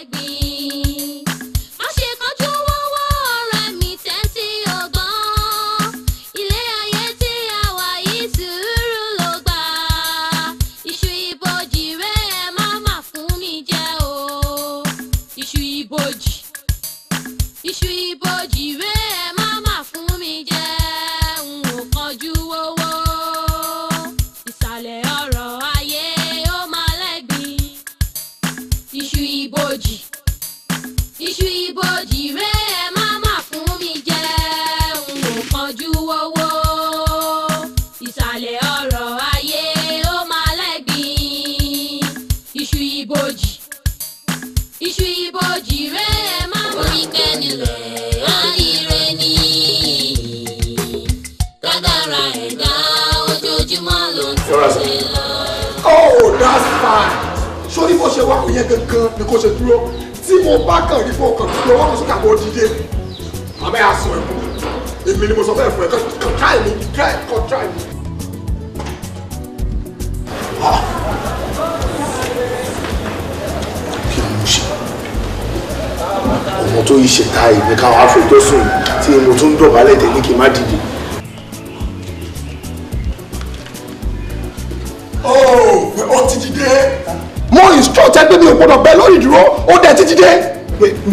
like me.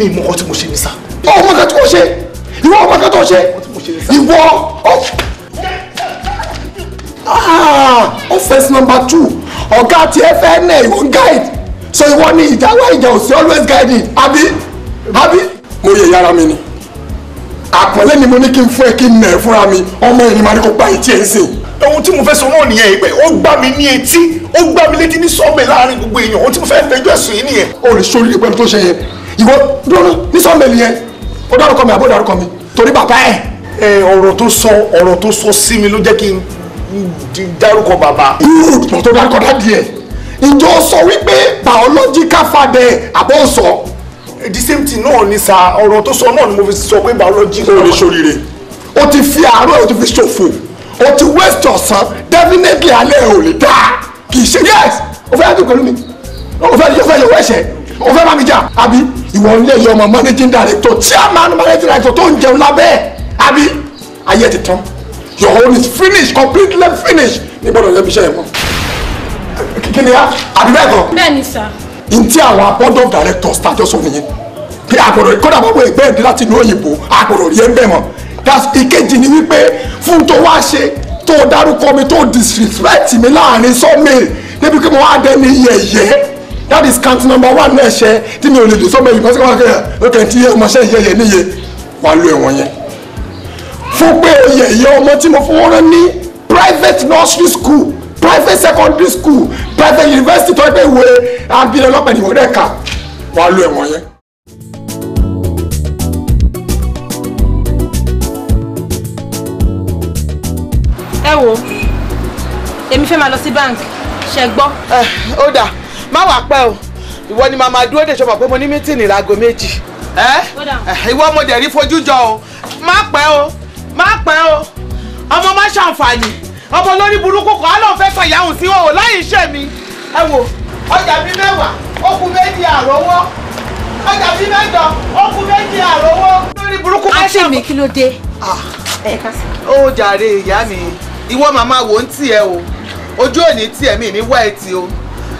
ìmọ̀ ọkọ mo ṣe ní sá. ọmọ kan tí mo ṣe ìwọ ọmọ kan tó ṣe ìwọ ah, offense number two ọ̀gá ti ẹ fẹ́ ìwọ guide so ìwọ ni ìjáwá ìjà òsì always guiding. Abi, Abi, mo yẹ yàrá mi ni àpọ̀lẹ́ ni mo ní kí n fún ẹ kí n nà ẹ fúnra mi ọmọ ẹ̀rín máa ní kó gba etí ẹ̀ ń sìn. ohun tí mo fẹ́ sọ náà nìyẹn ìpẹ́ ó gbá mi ní etí ó gbá mi létí ní sọ́ọ̀mẹ̀ láàrin gbogbo èèyàn ohun tí mo fẹ́ fẹjọ́ ẹ̀sùn yìí nìyẹn. o lè sori ìpẹ́ni tó ṣe yẹn ìwọ dúró ní sọ́ọ̀mẹ̀lì yẹn ó dárúkọ mi àbó dárúkọ mi torí bàbá ẹ̀ ọ̀rọ̀ tó sọ ọ̀rọ̀ tó sọ sí mi ló jẹ́ kí n dárúkọ bàbá. ìwọ tó dárúkọ dádì ẹ̀ ìjọ sọ wípé biological father àbọ̀ sọ the same thing náà ni sa ọ̀rọ̀ tó sọ náà ni mo fi sọ pé biological. o lè ṣoríire. o ti fi àárọ̀ o ti fi ṣòfò o ti waste ọ̀sán definitely alẹ́ ò lè dáa kì í ṣe yes o fẹ́ yàtọ̀ pẹ̀lú o fẹ́ o fẹ́ bá mi jà àbí ìwọ ilé yìí ọmọ managing director chairman managing director tó ń jẹun lábẹ́ àbí ayé ti tán your own is finished completely finished ní gbọ́dọ̀ yẹ ibiṣẹ́ yẹn mọ́ kí ni àbí bẹ́ẹ̀ kọ́. bẹ́ẹ̀ni sá. n tí àwọn board of directors tàjọ sọ nìyẹn pé àgbọ̀dọ̀ kọ́dà bọ́ ẹgbẹ́ ẹ̀dí láti inú òyìnbó àgbọ̀dọ̀ rí ẹ ń bẹ̀ mọ́ ìkejì ni wípé fún tó wá ṣe tó dárúkọ mi tó disrespect mi láàrin sọ́mi débi pé mo wá dẹni yẹ̀yẹ́ that is count number one náà ṣe tí mi ò lè lè sọ́mọ ìbọn sí wọn kẹ́ ló kẹ́ tí ọmọọṣẹ́ ìyẹyẹ níye wà ló ẹ̀wọ̀n yẹn. fún pé oyè ìyá ọmọ tí mo fowó rán ní private nursery school private secondary school private university tó ẹgbẹ́ ìwé abilẹ̀ lọ́pẹ̀ ìwé rẹ̀ kà wà ló ẹ̀wọ̀n yẹn. ẹ wo èmi fẹ́ máa lọ sí báńkì ṣe gbọ́. Eh, ó dáa má wàá pẹ́ o ìwọ ni màmá dúró dè sọ́mọ̀ pé mo ní mítìnì láago méjì ìwọ mo dẹ̀ rí fojú jọ o má pẹ́ o má pẹ́ o ọmọ má ṣàǹfààní ọmọ lórí burúkú kan á lọ fẹ́ fà yàhùn sí o láyé iṣẹ́ mi ẹ wò ọjà mi mẹ́wàá ó méjì àròwọ́ ọjà mi mẹ́jọ ó kù méjì àròwọ́ lórí burúkú kan ṣàǹfààní. àǹtí mi kí ló dé. Ah. ó jàre ìyá mi ìwọ màmá wò ń tì ẹ o ojú òní tì ẹ mi ní wá ẹ o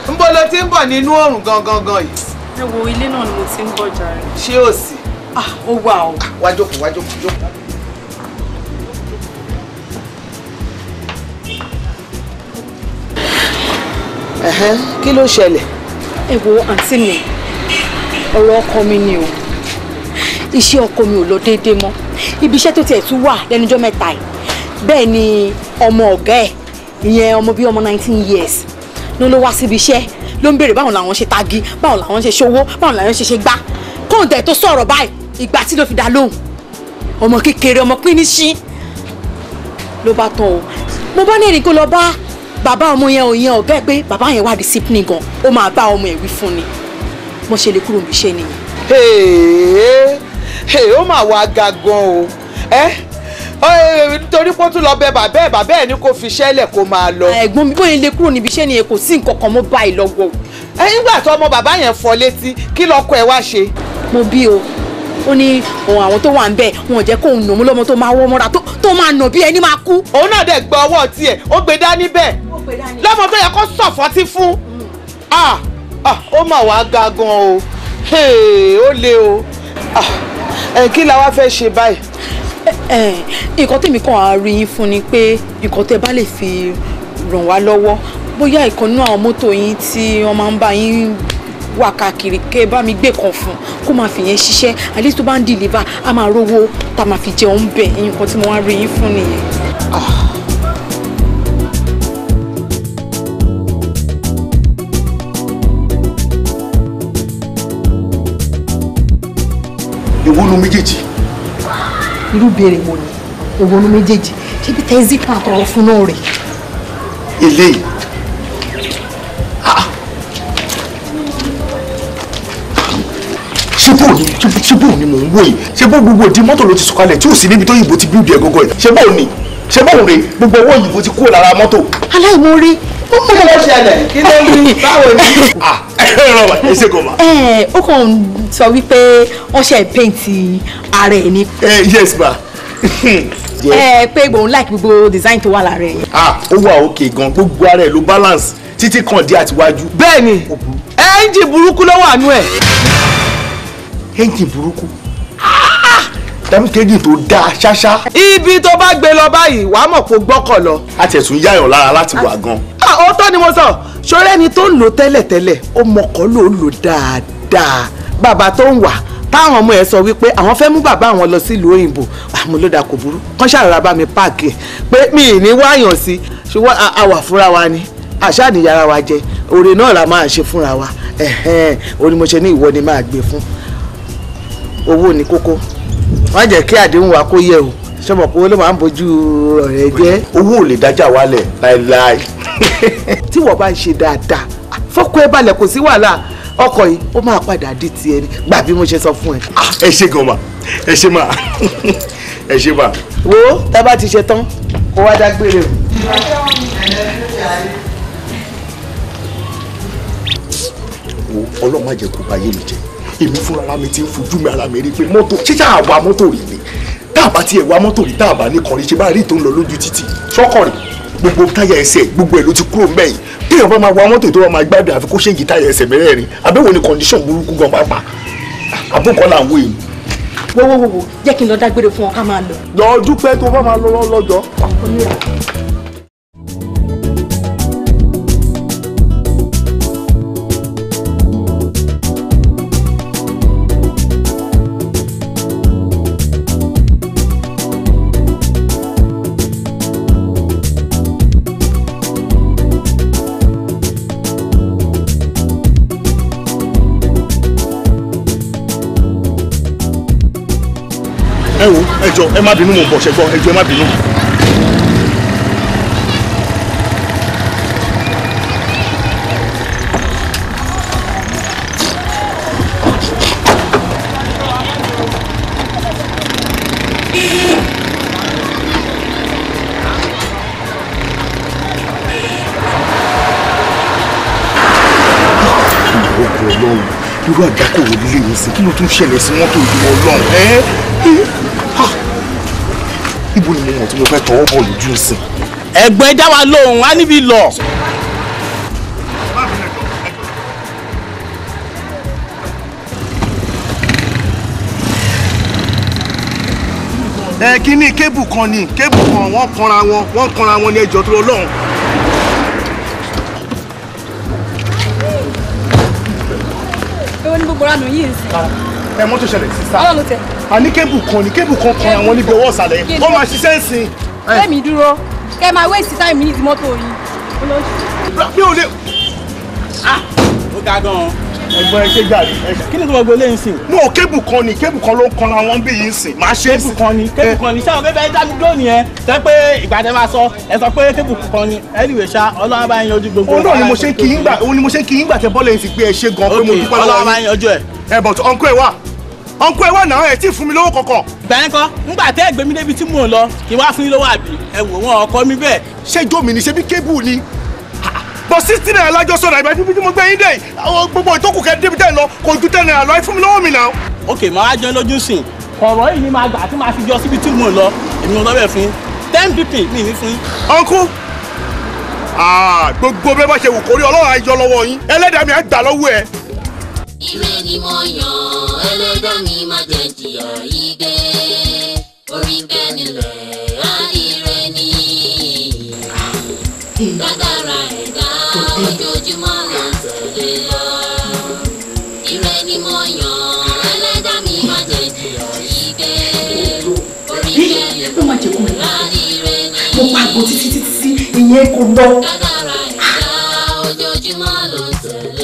ń bọ́ ló ti ń bọ̀ nínú òrùn gangan gan yìí. ẹ wo ilé náà ni mo ti ń bọ̀ jàre. ṣé o sì. ah ó wà o. Ah, wá jókòó wá jókòó jókòó. kí ló ṣẹlẹ̀. ẹ wo àǹtí mi ọ̀rọ̀ ọkọ mi ni o iṣẹ́ ọkọ mi ò lọ déédéé mọ́ ibi iṣẹ́ tó tiẹ̀ tún wà lẹ́nujọ́ mẹ́ta yìí bẹ́ẹ̀ ni ọmọ ọ̀gá ẹ̀ ìyẹn ọmọ bíi ọmọ nineteen years ló ló wá síbi iṣẹ́ ló ń béèrè báwọn làwọn ṣe tagi báwọn làwọn ṣe ṣòwò báwọn làwọn ṣe ṣe gbá kóńtẹ̀ tó sọ̀rọ̀ báyìí ìgbà tí ló fi dá lóhùn ọmọ kékeré ọmọ pínísín ló bá tán o mo bá ní èrìkó lọ bá bàbá ọmọ yẹn ò yẹn ọ̀gá ẹ̀ pé bàbá yẹn wà discipline gan ó máa bá ọmọ ẹ̀ wí fún ni mo ṣe lè kúrò níṣẹ́ nìyẹn. ó mà wá ga gan o ẹ́ eh? nítorí pé ó tún lọ bẹ bàbá ẹ bàbá ẹ ní kó fi iṣẹ́ lẹ̀ kó máa lọ. Ah, ẹ̀gbọ́n mi bóyá ilé kúrò níbi iṣẹ́ nìyẹn kò sí nǹkan kan mọ́ báyìí lọ́wọ́. ẹ nígbà tó ọmọ bàbá yẹn fọ létí kí lọkọ ẹ wá ṣe. mo bí o ó ní ohun àwọn tó wà ń bẹ wọn ò jẹ́ kóun nà mú lọ́mọ tó máa wọ́ mọ́ra tó máa nà bí ẹni máa kú. òun náà dẹ̀ gba ọwọ́ tiẹ̀ ó gbé dání bẹ́ẹ̀ lọ́mọ tó yẹ kó sọ̀fọ́ ti fún mm. ah, ah, ó mà wá ga gan o ó le o kí la wá fẹ́ ṣe báyìí. Eh, nǹkan tèmi kàn á rí yín fún ni pé nǹkan tẹ bá lè fi ràn wá lọ́wọ́ bóyá ìkan nínú àwọn mọ́tò yín tí wọ́n máa ń bá yín wà káàkiri kẹ́ bá mi gbé kan fún kó máa fìyẹn ṣiṣẹ́ àlè tó bá ń dìlíbà á máa rówó tá a máa fi jẹun bẹ̀ nǹkan tí mo wá rí yín fún nìyẹn. ìwúnu ah. méjèèjì irú béèrè wo ni èwo ni méjèèjì ṣé bí tẹ́sí kan àtọ̀rọ̀ fún náà rè. eléyìí ah. ṣé bóò ni ṣé bóò ni mò ń wò yìí ṣé bóò gbogbo ìdí mọ́tò ló ti sọ̀kalẹ̀ tí ò sí níbi tó yìnbó ti bíúdì ẹ̀ gọ́gọ́ yìí ṣé bóò ni ṣé bóò rè gbogbo owó yìnbó ti kúrò lára mọ́tò. aláìmoore kókó ló sọ wípé wọn ṣe paint ara ni. yes ma. ẹ pé gbòòrùn láì gbogbo design tó wà lára ẹ. ó wà òkè gan gbogbo ara ẹ ló balance títí kan dé àtiwájú. bẹ́ẹ̀ni ẹnjì burúkú ló wà nú ẹ. ẹnjì burúkú dámítẹ́jì tó dáa ṣáṣá. ibi tó bá gbé lọ báyìí wàá mọ̀ kó gbọ́kọ̀ lọ. a tẹ̀sùn yáyàn lára láti wà gan òótọ́ ah, ni mo sọ ṣọlẹ́ ni tó ń lò tẹ́lẹ̀tẹ́lẹ̀ ó mọ̀kọ́ ló ń lò dáadáa bàbá tó ń wà táwọn ọmọ ẹ sọ wípé àwọn fẹ́ mú bàbá àwọn lọ sílùú òyìnbó ah, àmọ́ kò burú kán ṣàrọ̀rà bá mi páàkì ẹ̀ pé mi ì ní wáyàn sí i ṣùgbọ́n àwà fúnra wa ni àṣà nìyára wa jẹ òrè náà la máa ṣe fúnra wa òní mo ṣe ní ìwọ ni máa gbé fún owó ní kókó má jẹ́ kí àdéhùn wa kó yẹ o ṣé pé ó ló máa ń bójú ọ̀rẹ́ jẹ́. owó ò lè dájà wálẹ̀ láéláé tí wọ́n bá ń ṣe dáadáa fọ́kọ ẹ balẹ̀ kò sí wàhálà ọkọ yìí ó máa padà di tiẹ̀ ni gbà bí mo ṣe sọ fún ẹ. Ah, ẹ ṣe gan ma ẹ ṣe ma ẹ ṣe ma. wo tá a bá ti ṣe tán kó wá dágbére o. wo ọlọ́run má jẹ́ kó bá yé mi jẹ́ èmi fúnra ara mi ti ń fojú mi ara mi rí i pé mọ́tò ṣíṣe àwa mọ́tò rè ni tá a bá tiẹ̀ wa mọ́tò rí tá a bá ní kọrin ṣe bá rí tó ń lọ lójú títì ṣọ́kọ̀ gbogbo táyà ẹsẹ̀ gbogbo ẹ̀ ló ti kúrò mbẹ́yìn téèyàn bá máa wa mọ́tò tó wà máa gbádùn àfi kó ṣèǹjì táyà ẹsẹ̀ mẹ́rẹ̀ẹ̀rin àbẹ̀wò ni condition burúkú gan pàápàá àbúkọ́ là ń wé yìí. wo jẹ́ kí n lọ dágbére fún ọ ká máa lọ. lọ dúpẹ́ tó bá máa lọ lọ́jọ́. ẹjọ ẹ má bínú mò ń bọ̀ ṣẹgbọ́ ẹjọ ẹ má bínú. irú àgbákò wò lílé yìí sí kí ló tún ṣẹlẹ̀ sí mọ́tò ìdúró ọlọ́run ibo ni mo mọ̀ tí mo fẹ́ tọwọ́ bọ̀ lójú ìsìn. ẹ̀gbọ́n ẹ dá wa lóhùn á níbi lọ. ẹ kí ni kébù kan ni kébù kan wọ́n kanra wọn wọ́n kanra wọn ní ẹjọ́ tó lọ lọ́hùn. ewu ni gbogbo ranu yìí ń sìn ẹ mọ́tò ṣẹlẹ̀ sí sá. ọlọ́run tẹ. a ní kébù kan ní kébù kan kan àwọn níbi ọwọ́ ìsàlẹ̀ yẹn ó máa ṣiṣẹ́ ìsìn. fẹ́mi dúró kẹ́ máa waste time mi ní ti mọ́tò yìí. mi ò lè. Ah, ó ga gan-an. ẹ̀gbọ́n ẹ ṣe gbàdí. kí ni gbogbo eléyìí sìn. no kébù kan ni kébù kan ló ń kan àwọn bí yìí sìn máa ṣe é sìn. kébù kan ni kébù kan ni sáwọn bẹ́ẹ̀ dá mi dúró nìyẹn tẹ́ pé ìgbà tẹ́ máa sọ ẹ sọ pé kébù kan ni anyway ṣá ọlọ́run bá yín yanjú gbogbo. òun náà ni mo ṣe ń kí yín gbà òun ni mo ṣe ń kí yín gbà tẹ bọ́ọ̀lù yìí fi pé ẹ ṣe gan pé mo dúpẹ́ lọ́wọ́ yín. ọlọ́run bá yín yanjú ẹ̀. ẹ bọ̀ ọ̀nkọ́ ẹ̀ wà ọ̀nkú ẹ wà náà ẹ tí ì fún mi lówó kọ̀kọ̀. gbẹ̀rẹ̀ kan ńgbà tẹ́ ẹ gbé mi débi tí mò ń lọ kí wá fún yín lówó àbí ẹ wò wọn ọkọ mi bẹ́ẹ̀. ṣé ijó mi ni ṣe bí kébù ni bọ sixty naira lájọ sọ̀rọ̀ àgbà ibi tí mo gbé yín dé gbogbo ìtókù kẹ débi tẹ́ lọ kò ju ten naira lọ ẹ fún mi lọ́wọ́ mi náà. ok màá wá jẹun lójú sìn ọ̀rọ̀ yìí ni màá gbà tí màá fi jọ síbi tí mò ń lọ èmi ò lọ́bẹ̀ fún ten pp mi ní fún. ọ̀nkú ah, gbogbo bẹ́ẹ̀ bá ṣe wù kórí ọlọ́run á yọ lọ́wọ́ yín ẹlẹ́dàá mi á Ire ni mo yàn, ẹlẹ́dàá mi má jẹ́ jìyà igbe. Orí bẹ́ẹ̀ nílẹ̀ á ire ni. Kádàrá ẹ̀dá ojoojúmọ́ ló ń tẹ̀lé lọ. Ire ni mo yàn, ẹlẹ́dàá mi má jẹ́ jìyà igbe. Orí pa àgbo títí títí ìyẹn kò lọ. Kádàrá ẹ̀dá ojoojúmọ́ ló ń tẹ̀lé.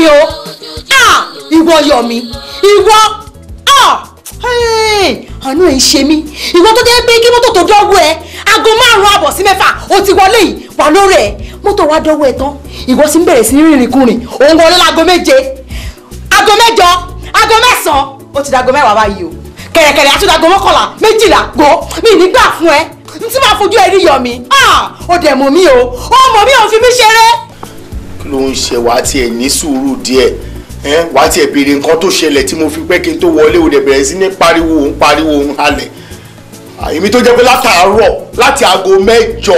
mi o ah! Ah! ìwọ yọ̀ mí ìwọ ah! àánú ẹ̀ ń ṣe mí ìwọ tó dé pé kí mọ́tò tó dọ́wọ́ ẹ aago márùn-ún àbọ̀ sí mẹ́fà ó ti wọlé yìí wà lórí ẹ mọ́tò wa dọ́wọ́ ẹ tán ìwọ sì ń bẹ̀rẹ̀ sí rìnrìn kùnrin òun wọlé láago méje aago mẹ́jọ aago mẹ́sàn-án ó ti dàgọ́ mẹ́wàá báyìí o kẹ̀rẹ̀kẹ̀rẹ̀ àti dàgọ́ mọ́kànlá méjìlá gbọ́ mi nígbà fún ẹ n tí máa fojú ẹ rí yọ̀ ó dẹ̀ mọ̀ mí o ó mọ̀ mí ò fi mí ṣeré ló ń ṣe wá tiẹ̀ ní sùúrù díẹ̀ wá tiẹ̀ béèrè nǹkan tó ṣẹlẹ̀ tí mo fi pẹ́ kí n tó wọlé o dẹ̀ bẹ̀rẹ̀ sí ní pariwo òun pariwo òun halẹ̀ èmi tó jẹ́ pé látàárọ̀ láti aago mẹ́jọ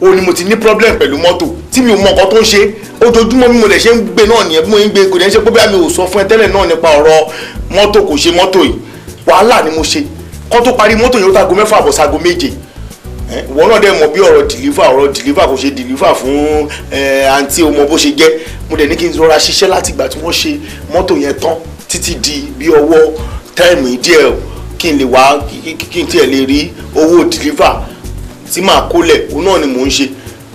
o ni mo ti ní problem pẹ̀lú mọ́tò tí mi ò mọ nǹkan tó ń ṣe ojoojúmọ́ mi mo lè ṣe ń gbé náà nìyẹn bí mo ń gbé kò dẹ̀ ṣe pé bí mi ò sọ fún ẹ tẹ́lẹ̀ náà nípa ọ̀rọ̀ mọ́tò kò ṣe mọ́tò yìí wàhálà ni mo ṣe kó tó parí mọ́tò yìí ó tàgó mẹ́fà àbọ̀ṣàgó méje wọn náà dẹ̀ mọ̀ bí ọ̀rọ̀ deliver ọ̀rọ̀ deliver kò ṣe deliver fún àǹtí ọmọ bó ṣe jẹ́ mo dẹ̀ ní kí n rọra ṣiṣẹ́ láti ìgbà tí wọ́n ṣe mọ́tò yẹn tán títí di bí ọwọ́ táìmù díẹ̀ kí n lè wá kí n tiẹ̀ lè rí owó deliver tí màá kólẹ̀ òun náà ni mò ń ṣe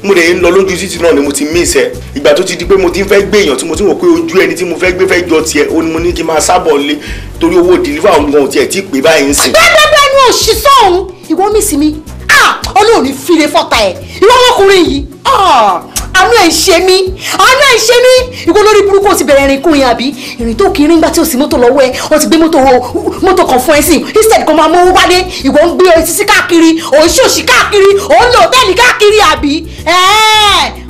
mo lè ń lọ lójú títì náà ni mo ti miss ẹ ìgbà tó ti di pé mo ti ń fẹ́ gbé èèyàn tí mo ti rò pé ojú ẹni tí mo fẹ́ gbé fẹ́ jọ tiẹ̀ ó ni mo ní kí n máa sábọ̀ lé torí owó deliver òun gan ò tiẹ̀ tí ì pé báyìí ń sìn. bẹ́ẹ̀ bẹ́ẹ̀ bẹ́ẹ̀ ni òṣìṣẹ́ òun ìwọ mísì mi olóò ní fire fọ́ta ẹ̀ ìwọ ọmọkùnrin yìí ah, àánú ẹ̀ ń ṣe mí àánú ẹ̀ ń ṣe mí ìwọ lórí burúkú ó ti bẹ̀rẹ̀ ìrìn kùnrin àbí ìrìn tó kiri ńgbà tí o sì mọ́tò lọ́wọ́ ẹ o ti gbé mọ́tò mọ́tò kan fún ẹ sí instead kó máa mówó wálé ìwọ ń gbé etí sí káàkiri ò ń ṣòṣì káàkiri ò ń lọ hòtẹ́ẹ̀lì káàkiri àbí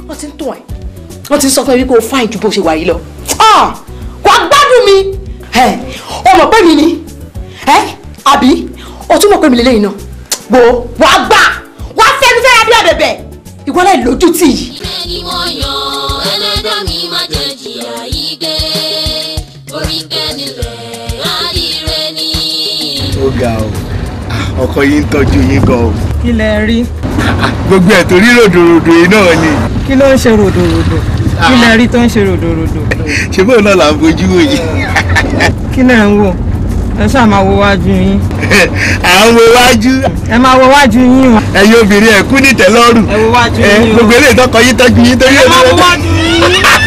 wọ́n ti ń tún ẹ̀ wọ́n ti sọ fún mi kó o fáìn ju bó ṣe wà yìí lọ kò ah, gbádùn mi ọmọ pẹ́ mi ni àbí o tún mọ̀ pé mi lélẹ́yìn náà wo wàá gbà wàá fẹ́mi fẹ́ra bí ọ̀bẹ̀bẹ̀ ìwọ lẹ́yìn lójú tì yìí. ilé ni mo yàn ẹlẹ́dàá mi má jẹ́ jìyà yìí orí kẹ́ni rẹ̀ ni. ó ga o ah, ọkọ yìí ń tọ́jú yín gan o. kí lẹ rí. gbogbo ẹ̀ torí ròdòròdò yìí náà ni. kí ló ń ṣe ròdòròdò kí lẹ rí tó ń ṣe ròdòròdò. ṣé bóun náà là ń fojú wò yìí. kí náà ń wò ẹ ṣáà máa wo wájú yín. à ń wo wájú. ẹ máa wo wájú yín wọn. ẹ̀yin obìnrin ẹ kú nítẹ́lọ́rùn. ẹ wo wájú yín o. gbogbo eré ìtọ́kọ yín tọ́jú yín ẹ máa wo wájú yín.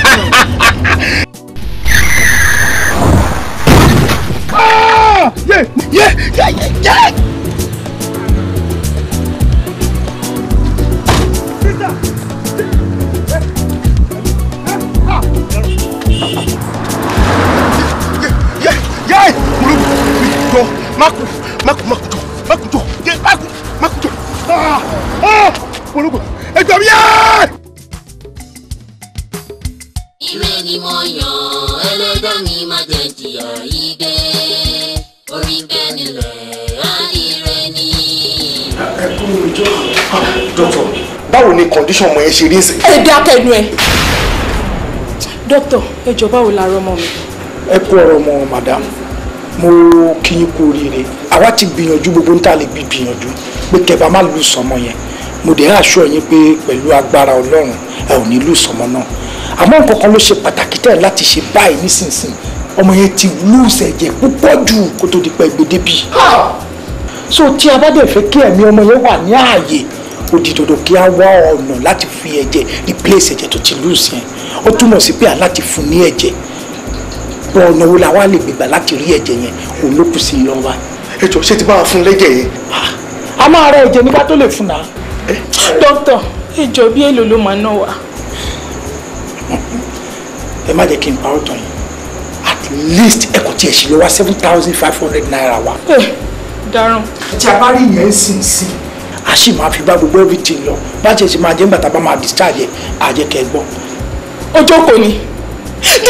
condition ọmọ yẹn ṣe rí nsìn. ẹ dákẹ́ ẹnu ẹ dókítà ẹ jọ̀ọ́ báwo la rọ mi. ẹ kú ọ̀rọ̀ ọmọ madam mo kí yín kú oríire àwa ti gbìyànjú gbogbo níta lè gbì gbìyànjú pé kẹba má lù sọmọ yẹn mo dẹ̀ àṣọ yín pé pẹ̀lú agbára ọlọ́run ẹ ò ní lù sọmọ náà àmọ́ nǹkan kan ló ṣe pàtàkì tẹ̀ láti ṣe báyìí nísinsìnyí ọmọ yẹn ti lùsẹ̀ jẹ púpọ̀ jù kó tó di pẹ́ gbèdébì so tí a bá dẹ̀ fẹ́ kí ẹ̀mí ọmọ yẹn wà ní ààyè ó di dandan kí á wá ọ̀nà láti fi ẹ̀jẹ̀ replace ẹ̀jẹ̀ tó ti lose yẹn ó túmọ̀ sí pé à láti fún ní ẹ̀jẹ̀ bọ́ ọ̀nà wo la wá lè gbégbà láti rí ẹ̀jẹ̀ yẹn òun ló kù sí i lọ́wọ́. ẹ jọ ṣé ti bá wa fún lẹ́jẹ̀ yẹn. Ah, a máa rẹ ẹ̀jẹ̀ nígbà tó lè fún náà. dókítà ìjọ bí èlò ló máa ná wa. ẹ má jẹ́ kí n parọ́ tán yìí at least ẹ kò tiẹ̀ ṣì lọ wá seven thousand five hundred naira wa. ẹ dáràn. ìjà bá rí yẹn ń sìn sí i a sì máa fi bá gbogbo everything lọ bá ṣe ṣe máa jẹ́ nígbà tá a bá máa discharge àjẹkẹ́ gbọ́. ọjọ́ kò ní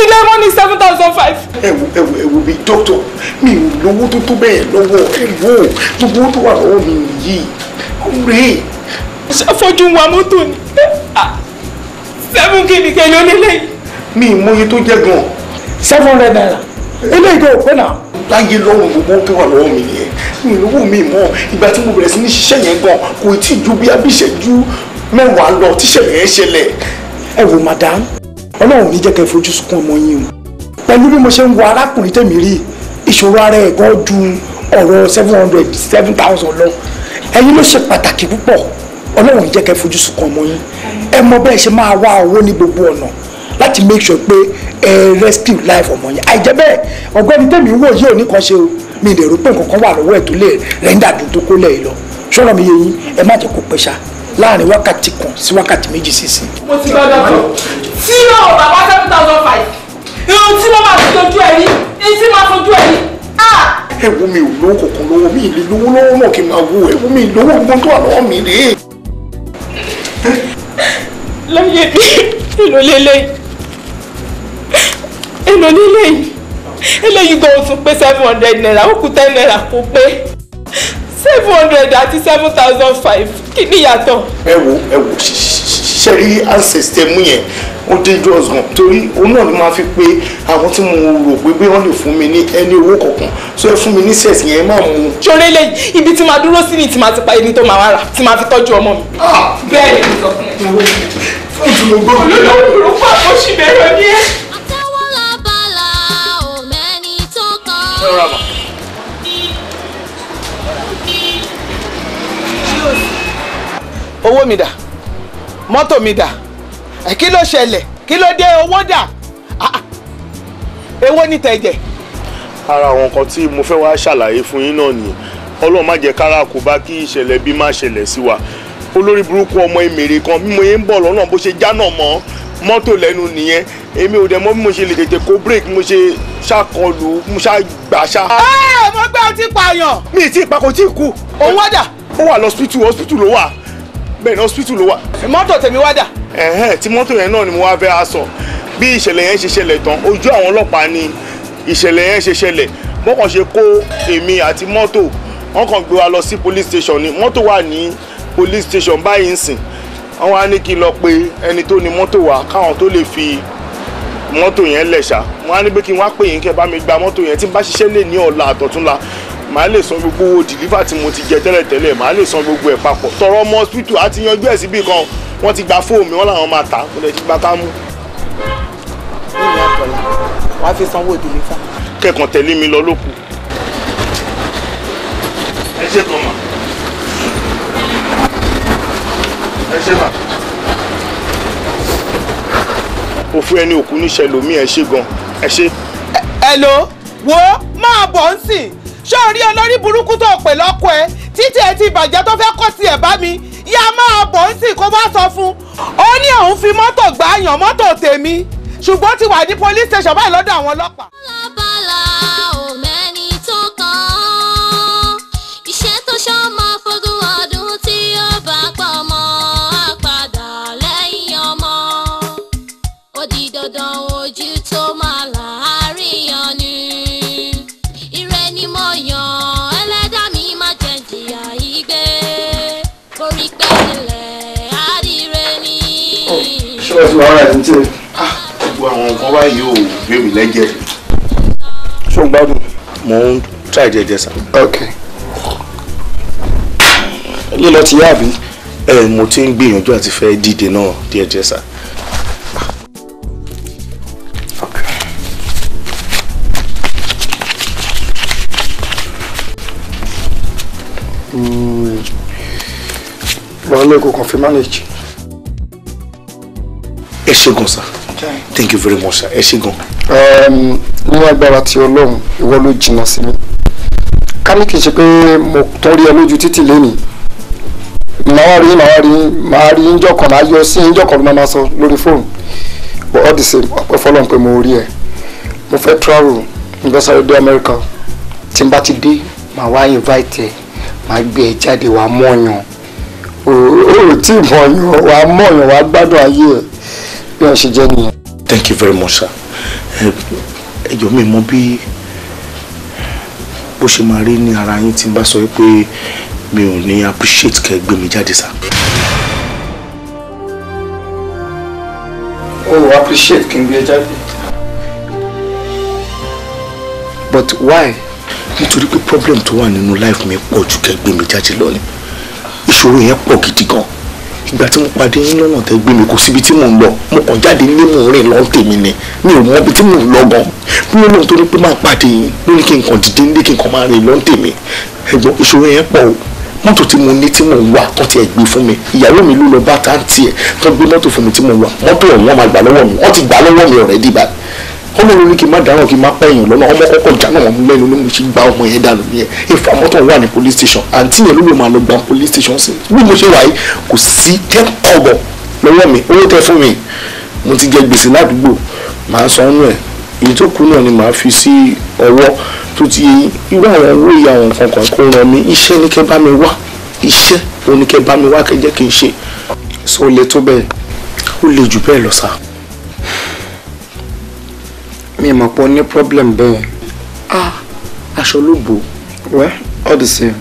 ilé wọn ní seven thousand five. ẹ wo ẹ wo ẹ wo bíi dókítà mi ò lówó tó tó bẹ́ẹ̀ lọ́wọ́ ẹ wo gbogbo owó tó wà lọ́wọ́ mi nìyí rèé. ṣàfọ́jú wa mọ́tò ni ah, seven kìíní kẹ́lẹ́ ó lélẹ́yìn. mi ì mọye tó jẹ́ gan seven hundred naira eléyìí tó pẹ́ náà láyé lọ́rùn gbogbo tó wà lọ́wọ́ mi nìyẹn mi ìlówó mi mọ́ ìgbà tí mo bẹ̀rẹ̀ sí ní ṣiṣẹ́ yẹn gan kò tí ì ju bí abíṣẹ́jú mẹ́wàá lọ tíṣẹ̀lẹ̀ yẹn ṣẹlẹ̀ ẹ wò madam ọlọ́run ní jẹ́ kẹ́ fojú sunkún ọmọ yín o pẹ̀lú bí mo ṣe ń wo arákùnrin tèmi rí ìṣòro ara ẹ̀ gan ju ọ̀rọ̀ seven hundred seven thousand lọ ẹ̀yin ló ṣe pàtàkì púpọ̀ ọlọ́run ní jẹ́ kẹ́ fojú sunkún ọmọ yín ẹ mọ bẹ́ẹ̀ ṣe máa wá owó ní gbogbo ọ̀nà láti make sure pé ẹ rescue life ọmọ yẹn àìjẹ́ bẹ́ẹ̀ ọ̀gbẹ́ni tèmi wò yìí ò ní kan ṣe o mi ì dẹ̀rù pé nǹkan kan wà lọ́wọ́ ẹ̀ tó lè rẹ́ńdà dúdú kó lẹ̀ lọ ṣọ́nà mi yẹ yín ẹ má jẹ́ kó pẹ́ ṣá láàrin wákàtí kan sí wákàtí méjì sísìn. mo ti gbọ́dọ̀ tó tí yóò bàbá seven thousand five irun tí wọ́n máa fi dojú ẹ̀ rí etí máa fojú ẹ̀ rí ẹ wo mi ò lówó kankan lọ́wọ́ mi ìlú lówó lọ́wọ́ mọ̀ kí n máa wo ẹ wo mi ìlówó gbogbo tó wà lọ́wọ́ mi rèé. lóye bí èlò lélẹ́yìn èlò nílé yìí eléyìí gan oṣù pé seven hundred naira ó kù ten naira kó pé seven hundred àti seven thousand five kí ni ìyàtọ̀. ẹ wo ẹ wo ṣe rí ancestor mú yẹn ó dangerous gan torí òun náà ló máa fi pé àwọn tí mo rò pé bí wọ́n lè fún mi ní ẹni owó kankan so ẹ fún mi ní sẹ̀sì yẹn máa mú. ṣoré lè ibi tí màá dúró sí ni tí màá ti pa ẹni tó máa wá rà tí màá fi tọ́jú ọmọ mi. Ah, bẹ́ẹ̀ ni mo sọ fún ẹ. fún ìtumọ̀ gbọ́dọ̀ lọ́wọ́ ló fún àkọsíbẹ̀rẹ̀ ẹ. rà mà. owó mi dà mọ́tò mi dà kí ló ṣẹlẹ̀ kí ló dé owó dà ah, ah. èwo ni tẹ̀jẹ̀. ara àwọn nǹkan tí mo fẹ́ wá ṣàlàyé fún yín náà nìyẹn ọlọ́run má jẹ́ kára kó bá kí ìṣẹ̀lẹ̀ bí má ṣẹlẹ̀ sí wa olórí burúkú ọmọ èmèrè kan mímọ yẹn ń bọ̀ lọ́nà bó ṣe já náà mọ́ mọ́tò lẹ́nu nìyẹn èmi ò dẹ̀ mọ̀ bí mo ṣe lè tètè kó break mo ṣe ṣàkọlù mo ṣàgbàṣà. ẹ mo gbé ọtí pààyàn. mi ti pa kò tí ì kú. òun wá dà. ó wà lọ hospital hospital ló wà bẹ́ẹ̀ ni hospital ló wà. mọ́tò tèmi wá dà. tí mọ́tò yẹn náà ni mo wá fẹ́ aṣọ bí ìṣẹ̀lẹ̀ yẹn ṣe ṣẹlẹ̀ tán ojú àwọn ọlọ́pàá ni ìṣẹ̀lẹ̀ yẹn ṣe ṣẹlẹ̀ bọ́kàn ṣe kó èmi àti mọ́tò wọ́n kàn gbé wa lọ sí police station ni mọ́tò wà ní police station báyìí ń sìn wọ́n wá ní kí n lọ pe ẹni tó ni mọ́tò wa káwọn tó lè fi mọ́tò yẹn lẹ̀ ṣá wọ́n á ní pé kí n wá pè yín kẹ́ bá mi gba mọ́tò yẹn tí n bá ṣiṣẹ́ lè ní ọ̀la àtọ̀túnla màá lè san gbogbo owó dìlífà tí mo ti jẹ tẹ́lẹ̀tẹ́lẹ̀ màá lè san gbogbo ẹ̀ papọ̀ tọrọ ọmọ hospital àti yanjú ẹ̀ síbì kan wọ́n ti gba fóònù mi làwọn máa tà mo lè ti gba kámú. ìlú àtọ̀là wàá fi sanwó dìlífà. kẹ́kàn ẹ ṣe mà. ó fún ẹni òkú níṣẹ́ lomi ẹ ṣe gan ẹ ṣe. ẹ ló wo máa bọ̀ ń sìn ṣé o rí olórí burúkú tó pè lọ́kọ ẹ títí ẹ ti bàjẹ́ tó fẹ́ kọ́ sí ẹ̀ bá mi yá máa bọ̀ ń sìn kó bá sọ fún ó ní òun fi mọ́tò gbààyàn mọ́tò tèmi ṣùgbọ́n ti wà ní police station báyìí lọ́dọ̀ àwọn ọlọ́pàá. ṣé wọ́n ti wà ọ̀rẹ́ àti tiẹ̀. gbogbo àwọn nǹkan báyìí ò gbé mi lẹ́jẹ̀. ṣé o ń gbádùn. mo ń tíra jẹjẹ sá. ok lílọ ti yá àbí. ẹ mo ti ń gbìyànjú àti fẹ́ dìde náà díẹ̀ díẹ̀ sá. lọ́ọ́lẹ́kọ̀ọ́ kan fi manage ẹ ṣé gan sir thank you very much sir ẹ ṣé gan. ní agbára ti ọlọ́run ìwọ ló jìnnà sí mi ká ní kì í ṣe pé mo tán rí ẹ lójú títì lénìí màá rí màá rí màá rí ńjọ́ kan màá yọ sí ńjọ́ kan ló máa sọ lórí fóònù but all the same ọpẹ́ fọ́lọ́run pé mo rí ẹ mo fẹ́ travel investment dé America tí n bá ti dé màá wá invite ẹ màá gbé ẹ jáde wàá mọ̀yàn o ò tí mọ̀yàn wàá mọ̀yàn wàá gbádùn ayé ẹ bí a ṣe jẹ́ nìyẹn. thank you very much sir ẹ jọ̀ọ́ mi mọ bí bó ṣe máa rí ní ara yín tí n bá sọ pé mi ò ní appreciate kẹ́ gbé mi jáde sá. o oh, appreciate kí n gbé jáde. but why. nítorí pé problem tó wà nínú life mi pọ̀ ju kẹ́ gbé mi jáde lọ ni ìṣòro yẹn pọ̀ gidi gan ìgbà tí mo pàdé yín lọ́nà tẹ́ gbé mi kò síbi tí mò ń lọ mo kàn jáde nílé mò ń rìn lọ́n tèmi ni mi ò mọ ibi tí mò ń lọ gan bí ó lóun torí pé máa pàdé yín lórí kí n kàn dìde nílé kí n kàn máa rìn lọ́n tèmi ẹ̀gbọ́n ìṣòro yẹn pọ̀ o mọ́tò tí mo ní tí mò ń wà tó tiẹ̀ gbé fún mi ìyàwó mi ló lọ bá táǹtì ẹ̀ tó gbé mọ́tò fún mi tí mò wà mọ́tò ọ̀hún wọn máa gbà lọ́wọ́ mi wọ́n ti gbà lọ́wọ́ mi ọ̀rẹ́dì báyìí ọlọ́run ní kí n má dáràn kí n má pẹ́ èèyàn lọ́nà ọmọ kọ́kọ́ jáná wọn mú lẹ́nu lóun ṣe gba ọmọ yẹn dànù nìyẹn ìfọ̀ àmọ́ tó ń wà ní police station àǹtí yẹn ló lè máa lọ gba police station sí bí mo ṣe wà yìí kò sí ten kọ́bọ̀ lọ́wọ́ mi owó tẹ fún mi mo ti jẹ gbèsè ládùúgbò màá san ọ́nù ẹ̀ èyí tó kù náà ni màá fi sí ọwọ́ tó ti irú àwọn owó ìyá àwọn nǹkan kan kó ràn mí iṣẹ́ ní kẹ́ bá mi wá iṣẹ́ òní kẹ́ bá mi wá kẹ́ jẹ́ kí n ṣe sọ ó le tó bẹ́ẹ̀ ó le jù bẹ́ẹ̀ lọ sáà mi ì mọ̀ pé o ní problem bẹ́ẹ̀ ah aṣọ ló bò wẹ́ all the same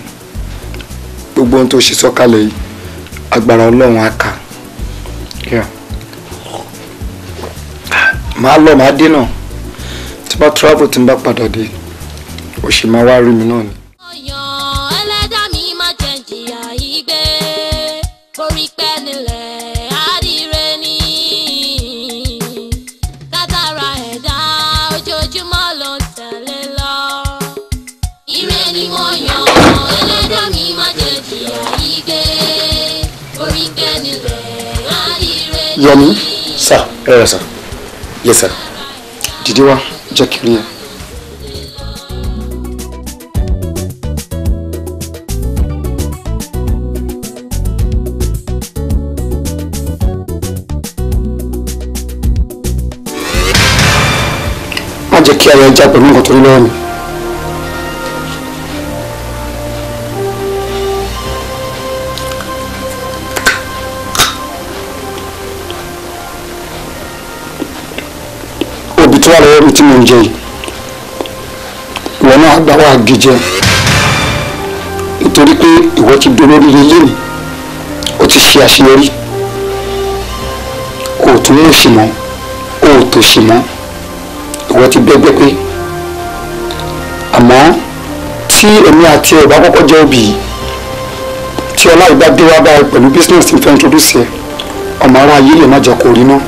gbogbo ohun tó ṣe sọ́kalẹ̀ yìí agbára ọlọ́run á kà màá lọ màá dínà tí bá travel tí n bá padà dé òṣì máa wá rí mi náà ni. Yọmí. sà ẹ rẹ sà yẹ sà. dìde wá jẹ́ kí n rí ẹ. má jẹ́ kí ara ẹ jágbe mú nǹkan tó rí lọ́wọ́ mi. wà lọ́wọ́ mi tí mò ń jẹ yìí ìwọ náà àgbà wà gíjẹ nítorí pé ìwọ ti dolórí ilé mi o ti ṣe àṣeyọrí kò tún mú sí o ó tó sí mọ́ ìwọ ti bẹ́gbẹ́ pé àmọ́ tí èmi àti ẹ̀ bá kọ́kọ́ jẹ́ òbí tí ọlá ìgbà dé wá báyìí pẹ̀lú business ti fẹ́ introduce ẹ̀ ọmọ ara yìí lè má jẹ́ kó rí náà